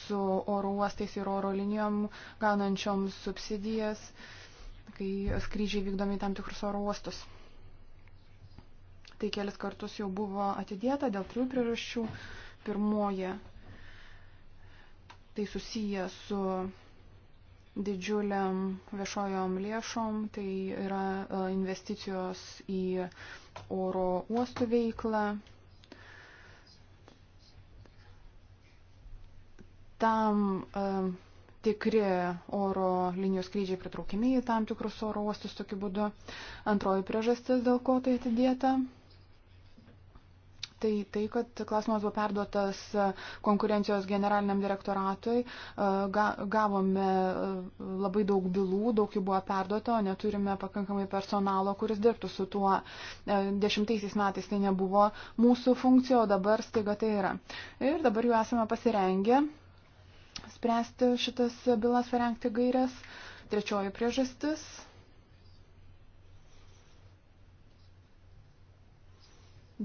su oro uostais ir oro linijom gaunančiom subsidijas, kai skrydžiai vykdomi tam tikrus oro uostus. Tai kelis kartus jau buvo atidėta dėl trijų priežasčių. Pirmoji, tai susiję su didžiuliam viešojom lėšom, tai yra e, investicijos į oro uostų veiklą, tam um, tikri oro linijos skrydžiai pritraukiami į tam tikrus oro uostus tokiu būdu. Antroji priežastis, dėl ko tai atidėta, Tai tai, kad klausimas buvo perduotas e, konkurencijos generaliniam direktoratui, e, gavome e, labai daug bylų, daug jų buvo perduota, o neturime pakankamai personalo, kuris dirbtų su tuo. Dešimtaisiais metais tai nebuvo mūsų funkcija, o dabar staiga tai yra. Ir dabar jau esame pasirengę spręsti šitas bylas, parengti gairias. Trečioji priežastis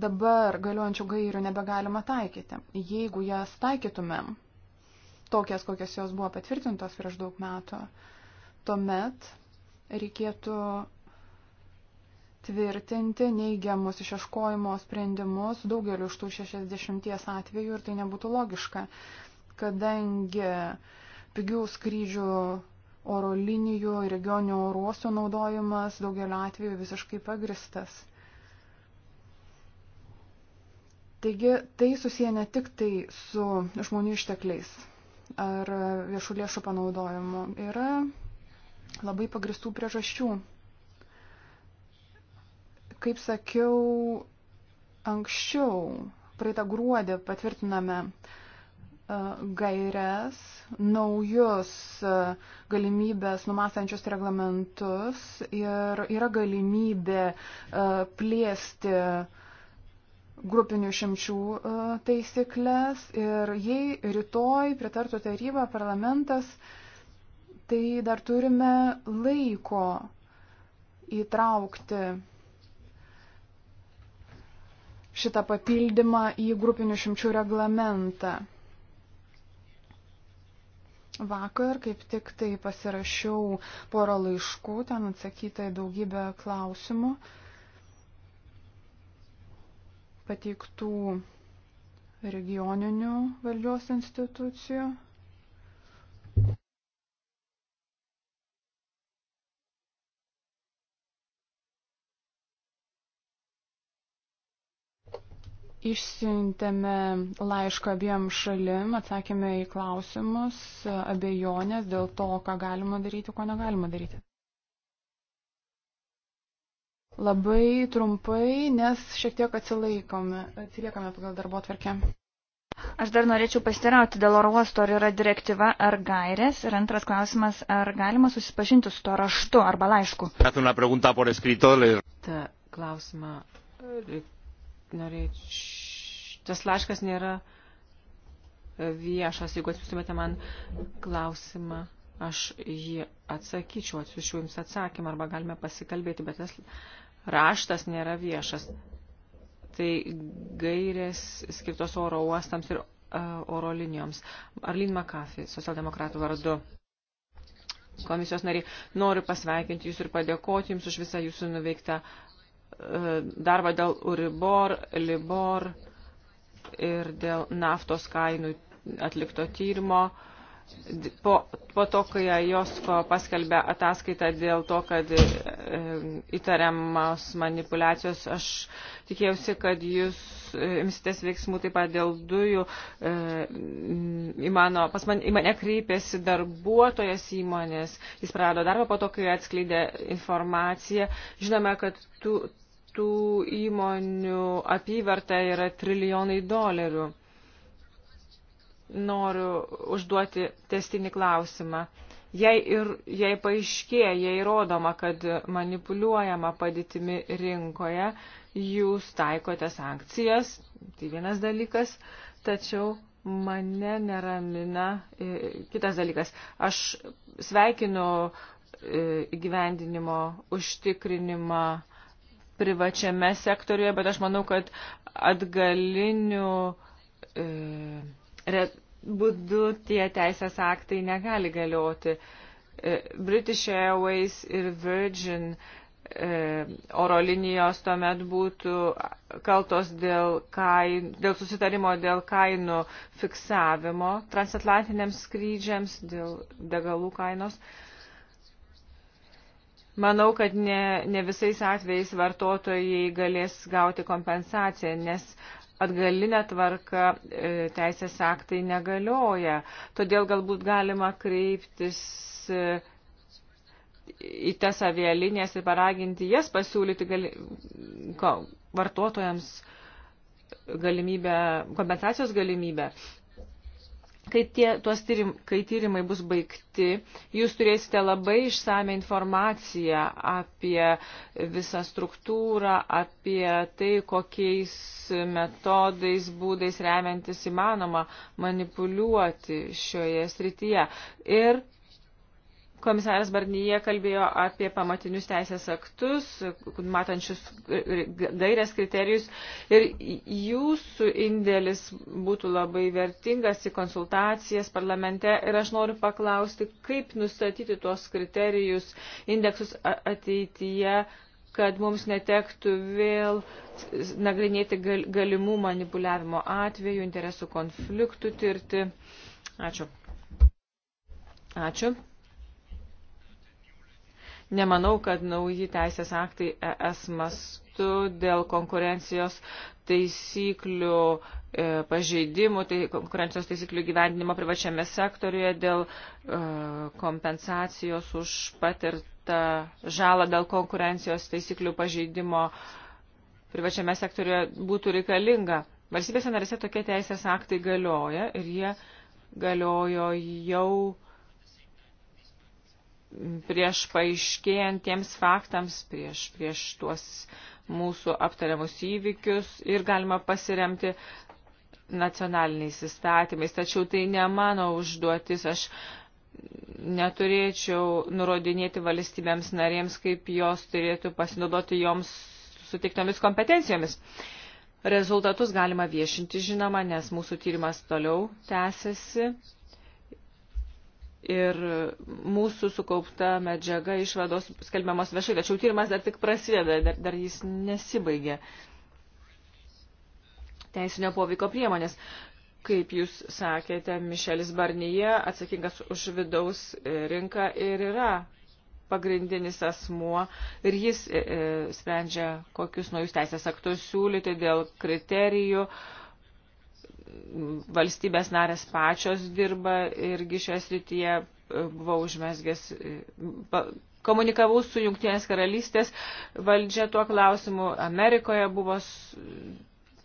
dabar galiojančių gairių nebegalima taikyti. Jeigu jas taikytumėm, tokias, kokias jos buvo patvirtintos prieš daug metų, tuomet reikėtų tvirtinti neigiamus išieškojimo sprendimus daugeliu iš tų 60 atvejų ir tai nebūtų logiška, kadangi pigių skrydžių oro linijų ir regionių oro uostų naudojimas daugeliu atveju visiškai pagristas. Taigi tai susiję ne tik tai su žmonių ištekliais ar viešų lėšų panaudojimu. Yra labai pagristų priežasčių. Kaip sakiau anksčiau, praeitą gruodį patvirtiname e, gairias, naujus e, galimybės numastančius reglamentus ir yra galimybė e, plėsti uh, grupinių šimčių e, taisyklės ir jei rytoj pritartų taryba, parlamentas, tai dar turime laiko įtraukti šitą papildymą į grupinių šimčių reglamentą. Vakar kaip tik tai pasirašiau porą laiškų, ten atsakyta į daugybę klausimų. Uh, pateiktų regioninių valdžios institucijų. Išsiuntėme laišką abiem šalim, atsakėme į klausimus, abejonės dėl to, ką galima daryti, ko negalima daryti. Labai trumpai, nes šiek tiek atsilaikome, atsiliekame pagal darbo atverkę. Aš dar norėčiau pasiteirauti dėl oro uosto, ar yra direktyva ar gairės. Ir antras klausimas, ar galima susipažinti su to raštu arba laišku? Ta klausimą e, norėčiau. Tas laiškas nėra viešas. Jeigu atsiųstumėte man klausimą, aš jį atsakyčiau, atsiųsčiau jums atsakymą arba galime pasikalbėti, bet tas raštas nėra viešas. Tai gairės skirtos oro uostams ir uh, oro linijoms. Arlin Makafi, socialdemokratų vardu. Komisijos nariai, noriu pasveikinti Jūs ir padėkoti Jums už visą Jūsų nuveiktą uh, darbą dėl Uribor, Libor ir dėl naftos kainų atlikto tyrimo. Uh, po, po to, kai Josko paskelbė ataskaitą dėl to, kad e, įtariamos manipulacijos, aš tikėjausi, kad jūs e, imsitės veiksmų taip pat dėl dujų. E, mano, pas man, į mane kreipėsi darbuotojas įmonės, jis prarado darbą po to, kai atskleidė informaciją. Žinome, kad tų, tų įmonių apyvarta yra trilijonai dolerių noriu užduoti testinį klausimą. Jei, ir, jei paaiškėja, jei įrodoma, kad manipuliuojama padėtimi rinkoje, jūs taikote sankcijas, tai vienas dalykas, tačiau mane neramina e, kitas dalykas. Aš sveikinu e, įgyvendinimo užtikrinimą privačiame sektoriuje, bet aš manau, kad atgalinių e, būdu tie teisės aktai negali galioti. E, British Airways ir Virgin e, oro linijos tuomet būtų kaltos dėl, kain, dėl susitarimo dėl kainų fiksavimo transatlantiniams skrydžiams, dėl degalų kainos. Manau, kad ne, ne visais atvejais vartotojai galės gauti kompensaciją, nes atgalinę tvarką e, teisės aktai negalioja. Todėl galbūt galima kreiptis e, į tas avialinės ir paraginti jas pasiūlyti gali, ko, vartotojams galimybę, kompensacijos galimybę kai, tie, tuos tyrim, kai tyrimai bus baigti, jūs turėsite labai išsame informaciją apie visą struktūrą, apie tai, kokiais metodais, būdais remiantis įmanoma manipuliuoti šioje srityje. Ir Komisaras Barnyje kalbėjo apie pamatinius teisės aktus, matančius gairias kriterijus ir jūsų indėlis būtų labai vertingas į konsultacijas parlamente ir aš noriu paklausti, kaip nustatyti tuos kriterijus, indeksus ateityje, kad mums netektų vėl nagrinėti gal, galimų manipuliavimo atvejų, interesų konfliktų tirti. Ačiū. Ačiū. Nemanau, kad nauji teisės aktai ES mastu dėl konkurencijos taisyklių e, pažeidimų, tai konkurencijos taisyklių gyvendinimo privačiame sektoriuje dėl e, kompensacijos už patirtą žalą dėl konkurencijos taisyklių pažeidimo privačiame sektoriuje būtų reikalinga. Valstybėse narėse tokie teisės aktai galioja ir jie galiojo jau prieš paaiškėjantiems faktams, prieš, prieš tuos mūsų aptariamus įvykius ir galima pasiremti nacionaliniais įstatymais. Tačiau tai ne mano užduotis, aš neturėčiau nurodinėti valstybėms narėms, kaip jos turėtų pasinaudoti joms suteiktomis kompetencijomis. Rezultatus galima viešinti, žinoma, nes mūsų tyrimas toliau tęsiasi ir mūsų sukaupta medžiaga išvados skelbiamos viešai, tačiau tyrimas dar tik prasideda, dar, dar jis nesibaigė. Teisinio poveiko priemonės. Kaip jūs sakėte, Mišelis Barnyje, atsakingas už vidaus rinką ir yra pagrindinis asmuo ir jis e, e sprendžia, kokius naujus teisės aktus siūlyti dėl kriterijų, e, valstybės narės pačios dirba irgi šioje srityje buvau užmesgęs, komunikavau su Junktinės karalystės valdžia tuo klausimu, Amerikoje buvo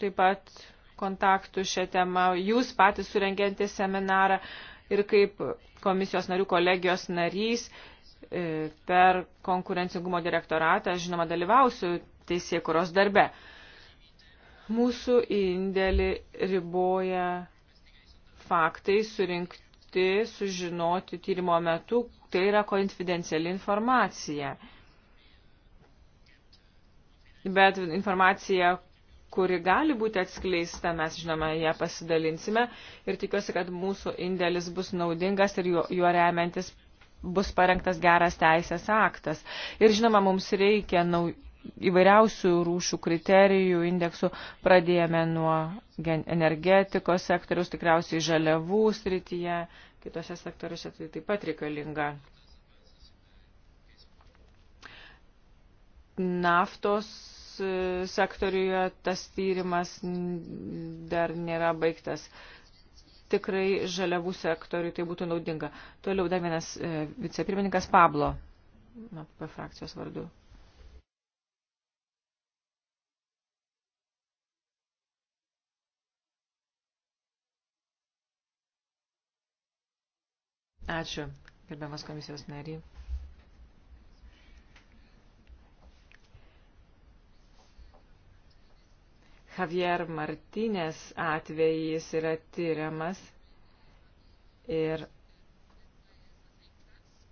taip pat kontaktų šią temą, jūs patys surengėte seminarą ir kaip komisijos narių kolegijos narys e, per konkurencingumo direktoratą, žinoma, dalyvausiu teisėkuros darbe. Mūsų indėlį riboja faktai surinkti, sužinoti tyrimo metu, tai yra konfidenciali informacija. Bet informacija, kuri gali būti atskleista, mes žinoma, ją pasidalinsime ir tikiuosi, kad mūsų indėlis bus naudingas ir juo, juo remiantis bus parengtas geras teisės aktas. Ir žinoma, mums reikia naujų įvairiausių rūšių kriterijų, indeksų. Pradėjome nuo energetikos sektoriaus, tikriausiai žaliavų srityje, kitose sektoriuose tai taip pat reikalinga. Naftos e, sektoriuje tas tyrimas dar nėra baigtas. Tikrai žaliavų sektoriui tai būtų naudinga. Toliau dar vienas e, vicepirmininkas Pablo, na, frakcijos vardu. Ačiū, gerbiamas komisijos nariai. Javier Martinės atvejis yra tyriamas ir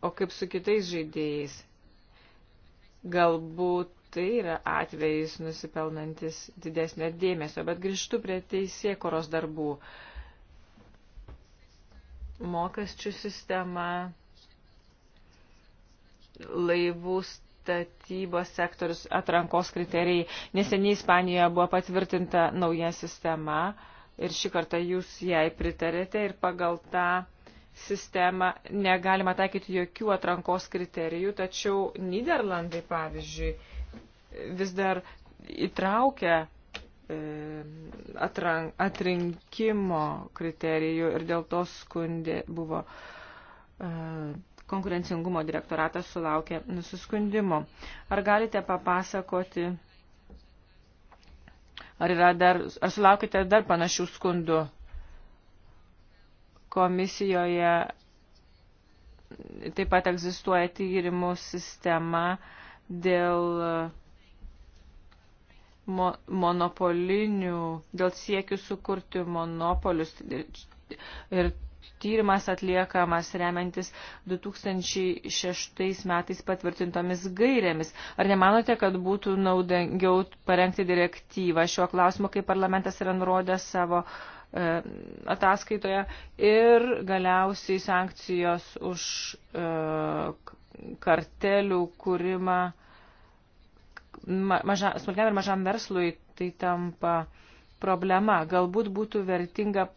o kaip su kitais žaidėjais. Galbūt tai yra atvejis nusipelnantis didesnio dėmesio, bet grįžtu prie teisėkoros darbų. Uh, mokesčių sistema, laivų statybos sektorius, atrankos kriterijai. Neseniai Ispanijoje buvo patvirtinta nauja sistema ir šį kartą jūs jai pritarėte ir pagal tą sistemą negalima taikyti jokių atrankos kriterijų, tačiau Niderlandai, pavyzdžiui, vis dar įtraukia E, atrank, atrinkimo kriterijų ir dėl to skundė buvo e, konkurencingumo direktoratas sulaukė nusiskundimo. Ar galite papasakoti, ar, dar, ar sulaukite dar panašių skundų komisijoje? Taip pat egzistuoja tyrimų sistema dėl mo, monopolinių, dėl siekių sukurti monopolius. Ir tyrimas atliekamas remiantis 2006 metais patvirtintomis gairėmis. Ar nemanote, kad būtų naudingiau parengti direktyvą šiuo klausimu, kai parlamentas yra nurodęs savo e, ataskaitoje ir galiausiai sankcijos už e, kartelių kūrimą e, maža, smulkiam ir mažam verslui tai tampa problema. Galbūt būtų vertinga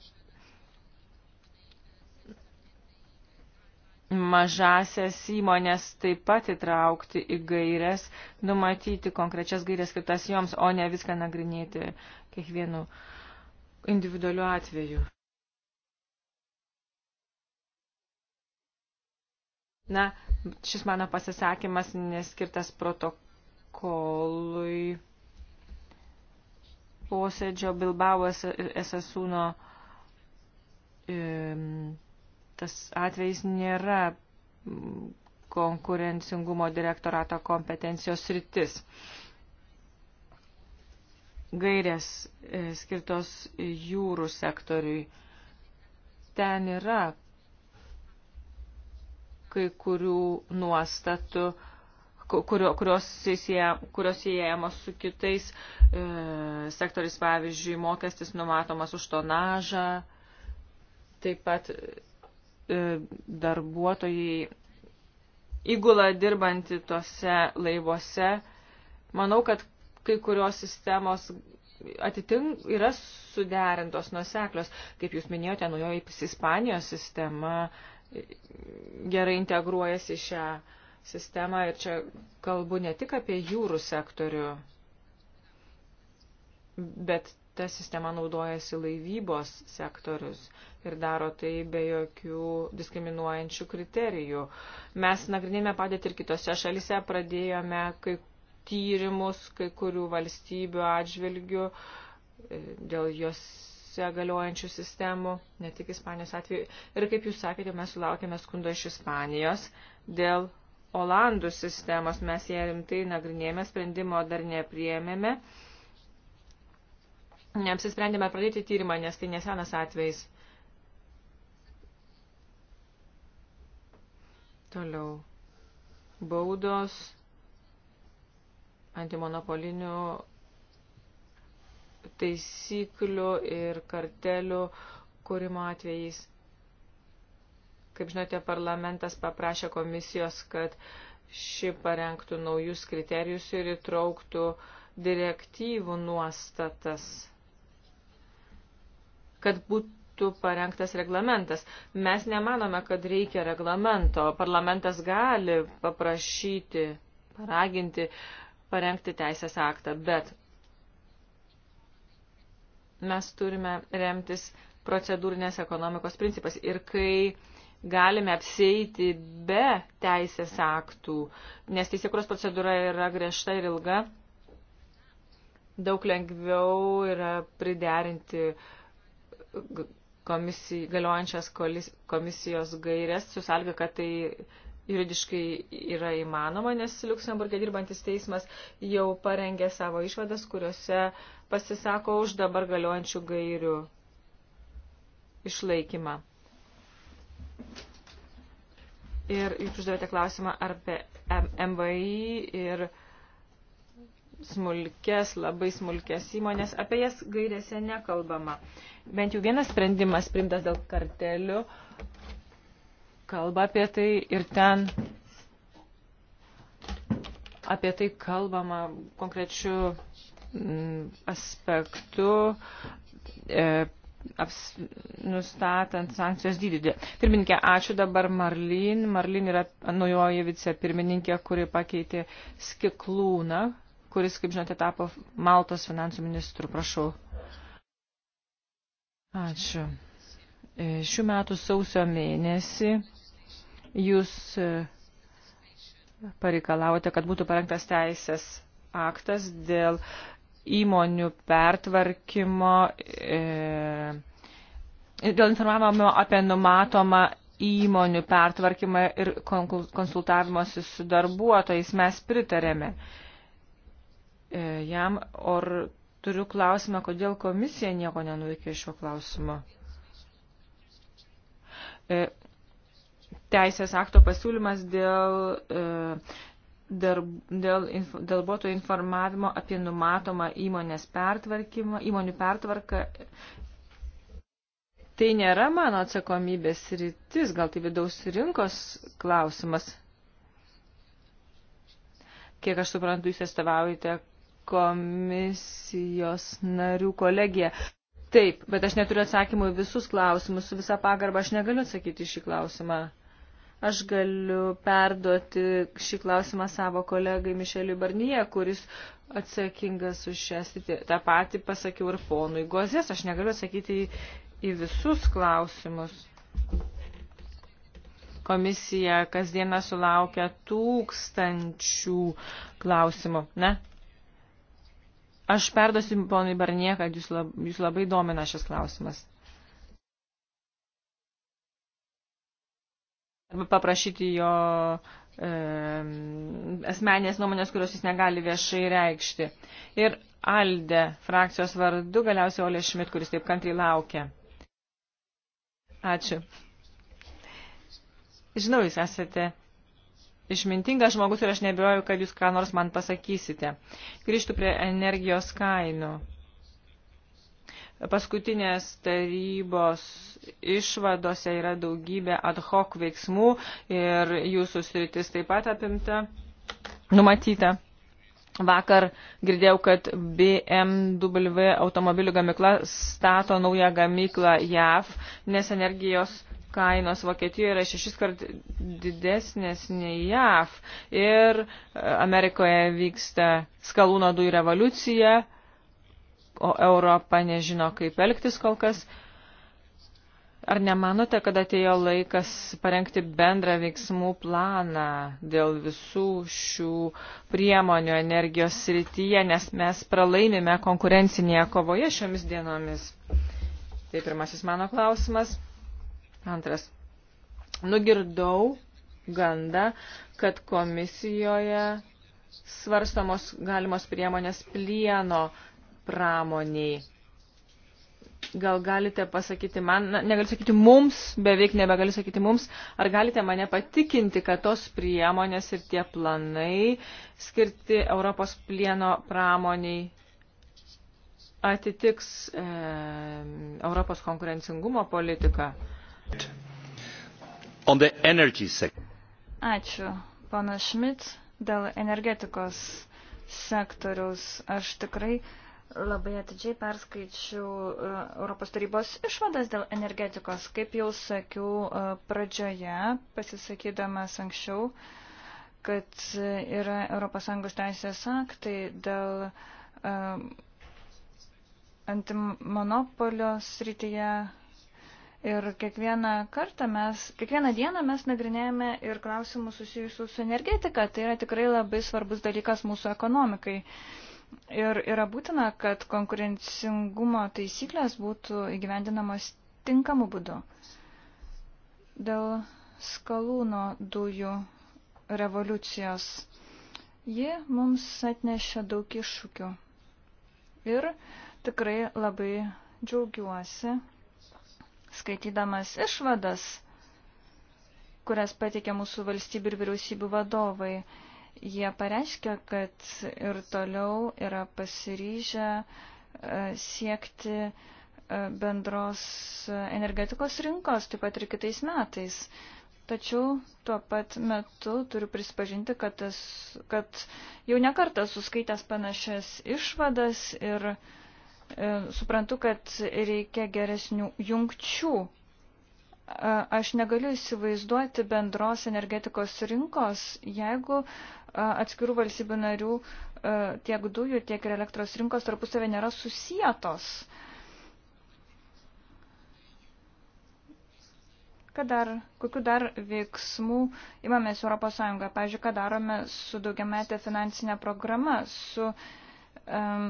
mažasias įmonės taip pat įtraukti į gairias, numatyti konkrečias gairias skirtas joms, o ne viską nagrinėti kiekvienu individualiu atveju. Na, šis mano pasisakymas neskirtas protok protokolui posėdžio Bilbao esasūno tas atvejs nėra konkurencingumo direktorato kompetencijos rytis. Gairės e, skirtos jūrų sektoriui. Ten yra kai kurių nuostatų, kurio, kurios siejamos su kitais e, sektoriais, pavyzdžiui, mokestis numatomas už tonažą, taip pat e, darbuotojai įgula dirbanti tose laivuose. Manau, kad kai kurios sistemos atitink, yra suderintos nuseklios. Kaip jūs minėjote, naujoji Ispanijos sistema gerai integruojasi šią sistemą ir čia kalbu ne tik apie jūrų sektorių, bet ta sistema naudojasi laivybos sektorius ir daro tai be jokių diskriminuojančių kriterijų. Mes nagrinėjame padėtį ir kitose šalise, pradėjome kai tyrimus kai kurių valstybių atžvilgių e, dėl jos galiojančių sistemų, ne tik Ispanijos atveju. Ir kaip jūs sakėte, mes sulaukėme skundo iš Ispanijos dėl Olandų sistemos. Mes ją rimtai nagrinėjame, sprendimo dar nepriėmėme. Neapsisprendėme pradėti tyrimą, nes tai nesenas atvejs. Toliau. Baudos antimonopolinių taisyklių ir kartelių kūrimo atvejais. Kaip žinote, parlamentas paprašė komisijos, kad ši parengtų naujus kriterijus ir įtrauktų direktyvų nuostatas, kad būtų parengtas reglamentas. Mes nemanome, kad reikia reglamento. Parlamentas gali paprašyti, paraginti, parengti teisės aktą, bet mes turime remtis procedūrinės ekonomikos principas. Ir kai galime apsieiti be teisės aktų, nes teisėkuros procedūra yra griežta ir ilga. Daug lengviau yra priderinti komisij, galiojančias komisijos gairias, su salga, kad tai juridiškai yra įmanoma, nes Luksemburgė dirbantis teismas jau parengė savo išvadas, kuriuose pasisako už dabar galiojančių gairių išlaikymą. Ir jūs uždavėte klausimą apie MVI ir smulkės, labai smulkės įmonės. Apie jas gairėse nekalbama. Bent jau vienas sprendimas primtas dėl kartelių kalba apie tai ir ten apie tai kalbama konkrečiu mm, aspektu. E, aps, nustatant sankcijos dydį. Pirmininkė, ačiū dabar Marlin. Marlin yra naujoji vicepirmininkė, kuri pakeitė Skiklūną, kuris, kaip žinote, tapo Maltos finansų ministru. Prašau. Ačiū. E, šių metų sausio mėnesį jūs e, pareikalavote, kad būtų parengtas teisės aktas dėl įmonių pertvarkymo, e, dėl informavimo apie numatomą įmonių pertvarkymą ir konsultavimuose su darbuotojais mes pritarėme. E, jam, or turiu klausimą, kodėl komisija nieko nenuveikė šiuo klausimu. E, teisės akto pasiūlymas dėl e, darb, dėl inf, darbuotojų informavimo apie numatomą įmonės pertvarkymą, įmonių pertvarką. Tai nėra mano atsakomybės rytis, gal tai vidaus rinkos klausimas. Kiek aš suprantu, jūs atstovaujate komisijos narių kolegiją. Taip, bet aš neturiu atsakymų į visus klausimus, su visa pagarba aš negaliu atsakyti šį klausimą. Aš galiu perduoti šį klausimą savo kolegai Mišeliui Barnyje, kuris atsakingas už šią sritį. Ta pati pasakiau ir ponui Gozės, aš negaliu atsakyti į, į visus klausimus. Komisija kasdieną sulaukia tūkstančių klausimų. Ne? Aš perduosiu ponui Barnie, kad jūs, lab, jūs labai domina šis klausimas. arba paprašyti jo e, asmenės nuomonės, kurios jis negali viešai reikšti. Ir Alde frakcijos vardu galiausiai Olė Šmit, kuris taip kantriai laukia. Ačiū. Žinau, jūs esate išmintingas žmogus ir aš nebijoju, kad jūs ką nors man pasakysite. Grįžtų prie energijos kainų paskutinės tarybos išvadose yra daugybė ad hoc veiksmų ir jūsų sritis taip pat apimta, numatyta. Vakar girdėjau, kad BMW automobilių gamikla stato naują gamiklą JAV, nes energijos kainos Vokietijoje yra šešis kart didesnės nei JAV ir Amerikoje vyksta skalūno dujų revoliucija o Europa nežino, kaip elgtis kol kas. Ar nemanote, kad atėjo laikas parengti bendrą veiksmų planą dėl visų šių priemonių energijos srityje, nes mes pralaimime konkurencinėje kovoje šiomis dienomis? Tai pirmasis mano klausimas. Antras. Nugirdau gandą, kad komisijoje svarstamos galimos priemonės plieno pramoniai. Gal galite pasakyti man, na, negaliu sakyti mums, beveik nebegaliu sakyti mums, ar galite mane patikinti, kad tos priemonės ir tie planai skirti Europos plieno pramoniai atitiks e, Europos konkurencingumo politiką? Ačiū, pana Šmit, dėl energetikos sektoriaus. Aš tikrai Labai atidžiai perskaičiau e, Europos tarybos išvadas dėl energetikos. Kaip jau sakiau e, pradžioje, pasisakydamas anksčiau, kad yra ES teisės aktai dėl e, antimonopolio srityje. Ir kiekvieną kartą mes, kiekvieną dieną mes nagrinėjame ir klausimus susijusius su energetika. Tai yra tikrai labai svarbus dalykas mūsų ekonomikai. Uh, Ir yra būtina, kad konkurencingumo taisyklės būtų įgyvendinamos tinkamu būdu. Dėl skalūno dujų revoliucijos ji mums atnešė daug iššūkių. Ir tikrai labai džiaugiuosi, skaitydamas išvadas, kurias patikė mūsų valstybių ir vyriausybių vadovai. Jie pareiškia, kad ir toliau yra pasiryžę e, siekti e, bendros energetikos rinkos, taip pat ir kitais metais. Tačiau tuo pat metu turiu prisipažinti, kad, es, kad jau nekartą suskaitęs panašias išvadas ir e, suprantu, kad reikia geresnių jungčių. E, aš negaliu įsivaizduoti bendros energetikos rinkos, jeigu atskirų valstybių narių tiek dujų, tiek ir elektros rinkos tarpusavė nėra susijėtos. Ką dar, kokiu dar veiksmų imamės ES? Pavyzdžiui, ką darome su daugiametė finansinė programa, su um,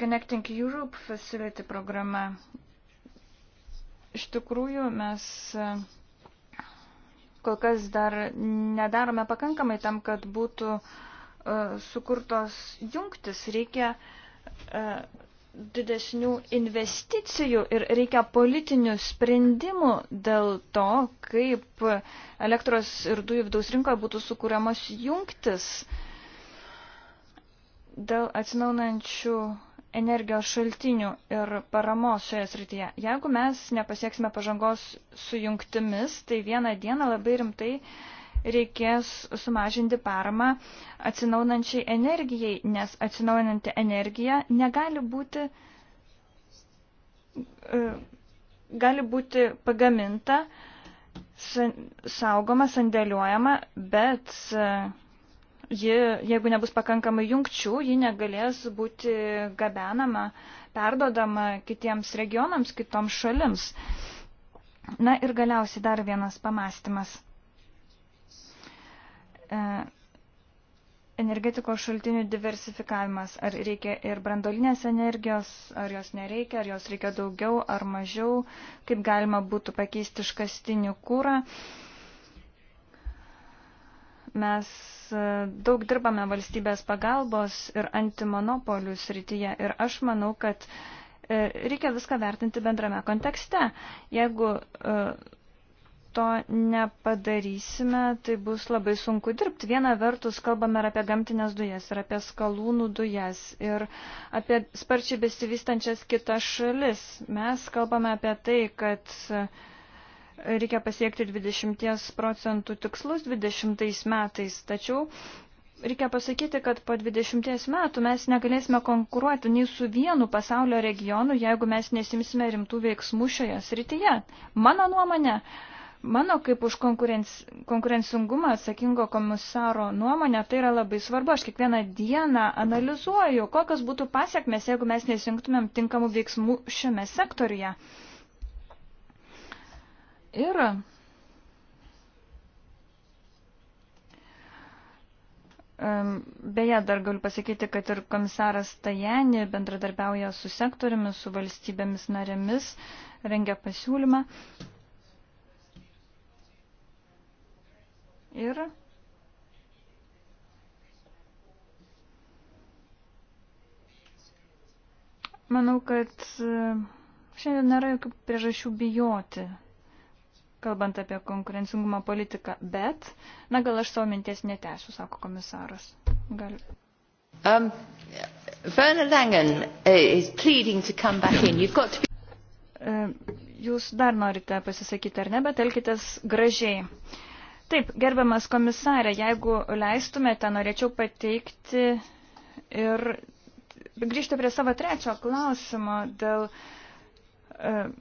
Connecting Europe Facility programa. Iš tikrųjų, mes uh, Kol kas dar nedarome pakankamai tam, kad būtų e, sukurtos jungtis. Reikia e, didesnių investicijų ir reikia politinių sprendimų dėl to, kaip elektros ir dujų vidaus rinkoje būtų sukūriamos jungtis dėl atsinaunančių energijos šaltinių ir paramos šioje srityje. Jeigu mes nepasieksime pažangos su jungtimis, tai vieną dieną labai rimtai reikės sumažinti paramą atsinaunančiai energijai, nes atsinaunanti energija negali būti, e, gali būti pagaminta, saugoma, sandėliuojama, bet e, ji, jeigu nebus pakankamai jungčių, ji negalės būti gabenama, perdodama kitiems regionams, kitoms šalims. Na ir galiausiai dar vienas pamastymas. E, energetikos šaltinių diversifikavimas. Ar reikia ir brandolinės energijos, ar jos nereikia, ar jos reikia daugiau ar mažiau, kaip galima būtų pakeisti iškastinį kūrą. Uh, Mes e, daug dirbame valstybės pagalbos ir antimonopolių srityje ir aš manau, kad e, reikia viską vertinti bendrame kontekste. Jeigu e, to nepadarysime, tai bus labai sunku dirbti. Viena vertus kalbame ir apie gamtinės dujas, ir apie skalūnų dujas, ir apie sparčiai besivystančias kitas šalis. Mes kalbame apie tai, kad reikia pasiekti 20 procentų tikslus 20 metais, tačiau reikia pasakyti, kad po 20 metų mes negalėsime konkuruoti nei su vienu pasaulio regionu, jeigu mes nesimsime rimtų veiksmų šioje srityje. Mano nuomonė, mano kaip už konkurenci... konkurencingumą atsakingo komisaro nuomonė, tai yra labai svarbu. Aš kiekvieną dieną analizuoju, kokios būtų pasiekmes, jeigu mes nesijungtumėm tinkamų veiksmų šiame sektoriuje. Ir Beje, dar galiu pasakyti, kad ir komisaras Tajani bendradarbiauja su sektoriumi, su valstybėmis narėmis, rengia pasiūlymą. Ir manau, kad šiandien nėra jokių priežasčių bijoti kalbant apie konkurencingumo politiką, bet, na gal aš savo minties netęsiu, sako komisaras. Gal... Um, Werner Langen uh, is pleading to come back in. You've got to be... Um, jūs dar norite pasisakyti ar ne, bet elkitės gražiai. Taip, gerbiamas komisarė, jeigu leistumėte, norėčiau pateikti ir grįžti prie savo trečio klausimo dėl um,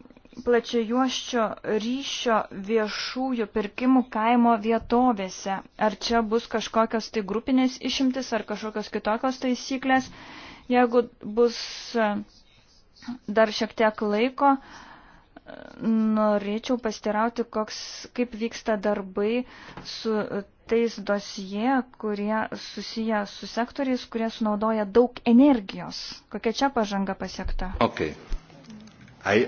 plačiajuoščio ryšio viešųjų pirkimų kaimo vietovėse. Ar čia bus kažkokios tai grupinės išimtis ar kažkokios kitokios taisyklės? Jeigu bus e, dar šiek tiek laiko, e, norėčiau pastirauti, koks, kaip vyksta darbai su tais dosie, kurie susiję su sektoriais, kurie sunaudoja daug energijos. Kokia čia pažanga pasiekta? Okay. I,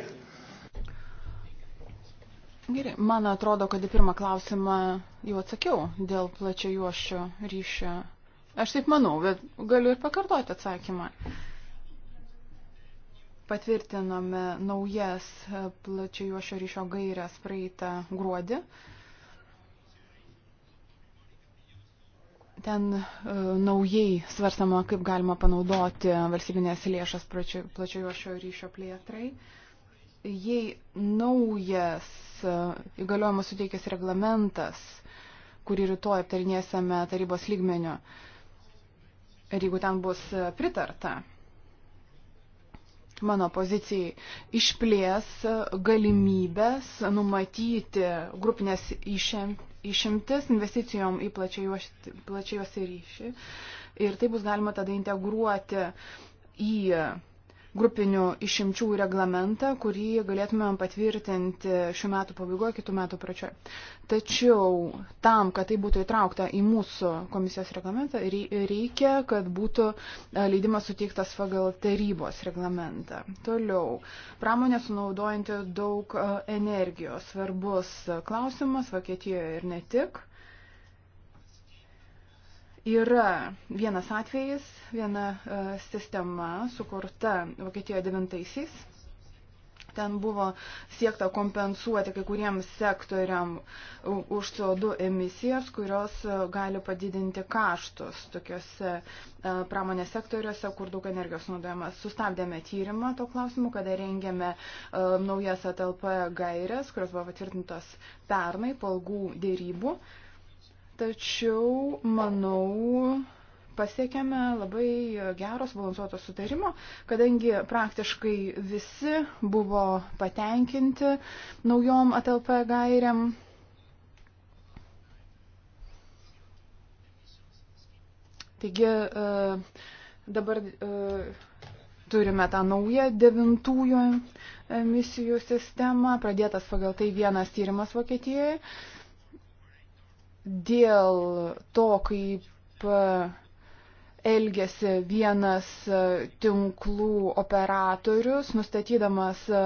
Gerai, man atrodo, kad į pirmą klausimą jau atsakiau dėl plačio juoščio ryšio. Aš taip manau, bet galiu ir pakartoti atsakymą. Patvirtinome naujas plačio juoščio ryšio gairias praeitą gruodį. Ten e, naujai svarstama, kaip galima panaudoti valstybinės lėšas plačio juoščio ryšio plėtrai. E, jei naujas e, įgaliojimas suteikęs reglamentas, kurį rytoj aptarinėsime tarybos lygmenio, ir jeigu ten bus e, pritarta mano pozicijai, išplės e, galimybės numatyti grupinės išėm, išimtis investicijom į plačiai juos ryšį. Ir tai bus galima tada integruoti į grupinių išimčių reglamentą, kurį galėtumėm patvirtinti šių metų pabaigoje, kitų metų pradžioje. Tačiau tam, kad tai būtų įtraukta į mūsų komisijos reglamentą, reikia, kad būtų e, leidimas suteiktas pagal tarybos reglamentą. Toliau, pramonė sunaudojanti daug e, energijos. Svarbus klausimas Vokietijoje ir ne tik. Yra vienas atvejis, viena e, sistema sukurta Vokietijoje devintaisiais. Ten buvo siekta kompensuoti kai kuriems sektoriam už CO2 emisijas, kurios e, gali padidinti kaštus tokiuose e, pramonės sektoriuose, kur daug energijos naudojama. Sustabdėme tyrimą to klausimu, kada rengėme naujas ATLP gairias, kurios buvo patvirtintos pernai po ilgų dėrybų. Tačiau, manau, pasiekėme labai geros balansuoto sutarimo, kadangi praktiškai visi buvo patenkinti naujom ATLP gairiam. Taigi e, dabar e, turime tą naują devintųjų emisijų sistemą, pradėtas pagal tai vienas tyrimas Vokietijoje dėl to, kaip e, elgėsi vienas e, tinklų operatorius, nustatydamas e,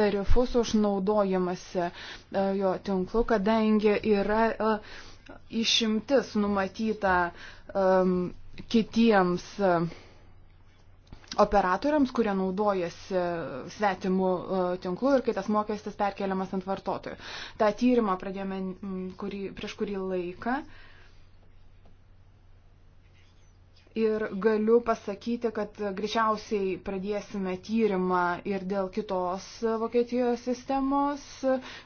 tarifus už naudojimąsi jo tinklu, kadangi yra išimtis numatyta kitiems operatoriams, kurie naudojasi svetimu e, tinklu ir kai tas mokestis perkeliamas ant vartotojų. Ta tyrimą pradėjome kurį, prieš kurį laiką. Uh, Ir galiu pasakyti, kad greičiausiai pradėsime tyrimą ir dėl kitos Vokietijos sistemos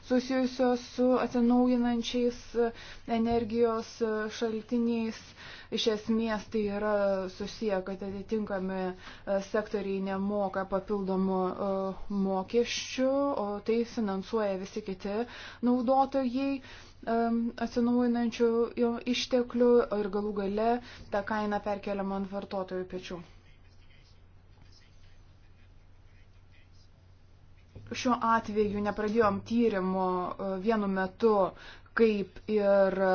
susijusios su atsinaujinančiais energijos šaltiniais. Iš esmės tai yra susiję, kad atitinkami sektoriai nemoka papildomų e, mokesčių, o tai finansuoja visi kiti naudotojai atsinaujinančių išteklių ir galų gale ta kaina perkeliama ant vartotojų pečių. Šiuo atveju nepradėjom tyrimo e, vienu metu, kaip ir e,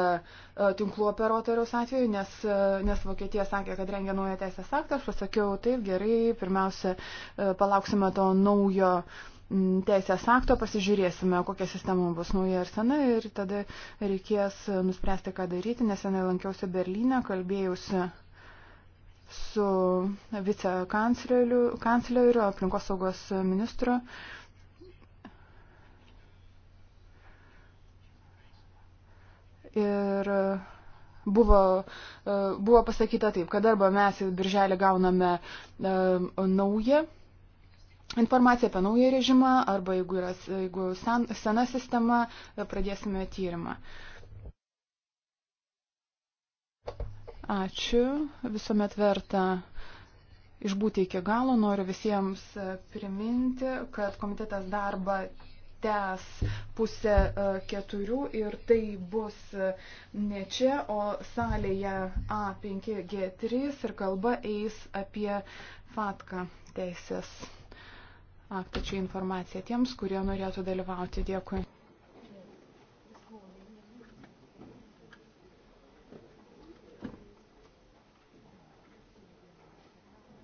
tinklų operatoriaus atveju, nes, e, nes Vokietija sakė, kad rengia naują teisės aktą, aš pasakiau, taip gerai, pirmiausia, palauksime to naujo uh, teisės akto, pasižiūrėsime, kokia sistema bus nauja ir sena ir tada reikės nuspręsti, ką daryti. Nesenai lankiausi Berlyne, kalbėjausi su vicekancleriu, aplinkos saugos ministru. Ir buvo, buvo pasakyta taip, kad arba mes birželį gauname e, naują informaciją apie naują režimą arba jeigu yra jeigu sen, sena sistema, e, pradėsime tyrimą. Ačiū, visuomet verta išbūti iki galo. Noriu visiems e, priminti, kad komitetas darbą tęs pusę e, keturių ir tai bus ne čia, o salėje A5G3 ir kalba eis apie fatką teisės aktačių informaciją tiems, kurie norėtų dalyvauti. Dėkui.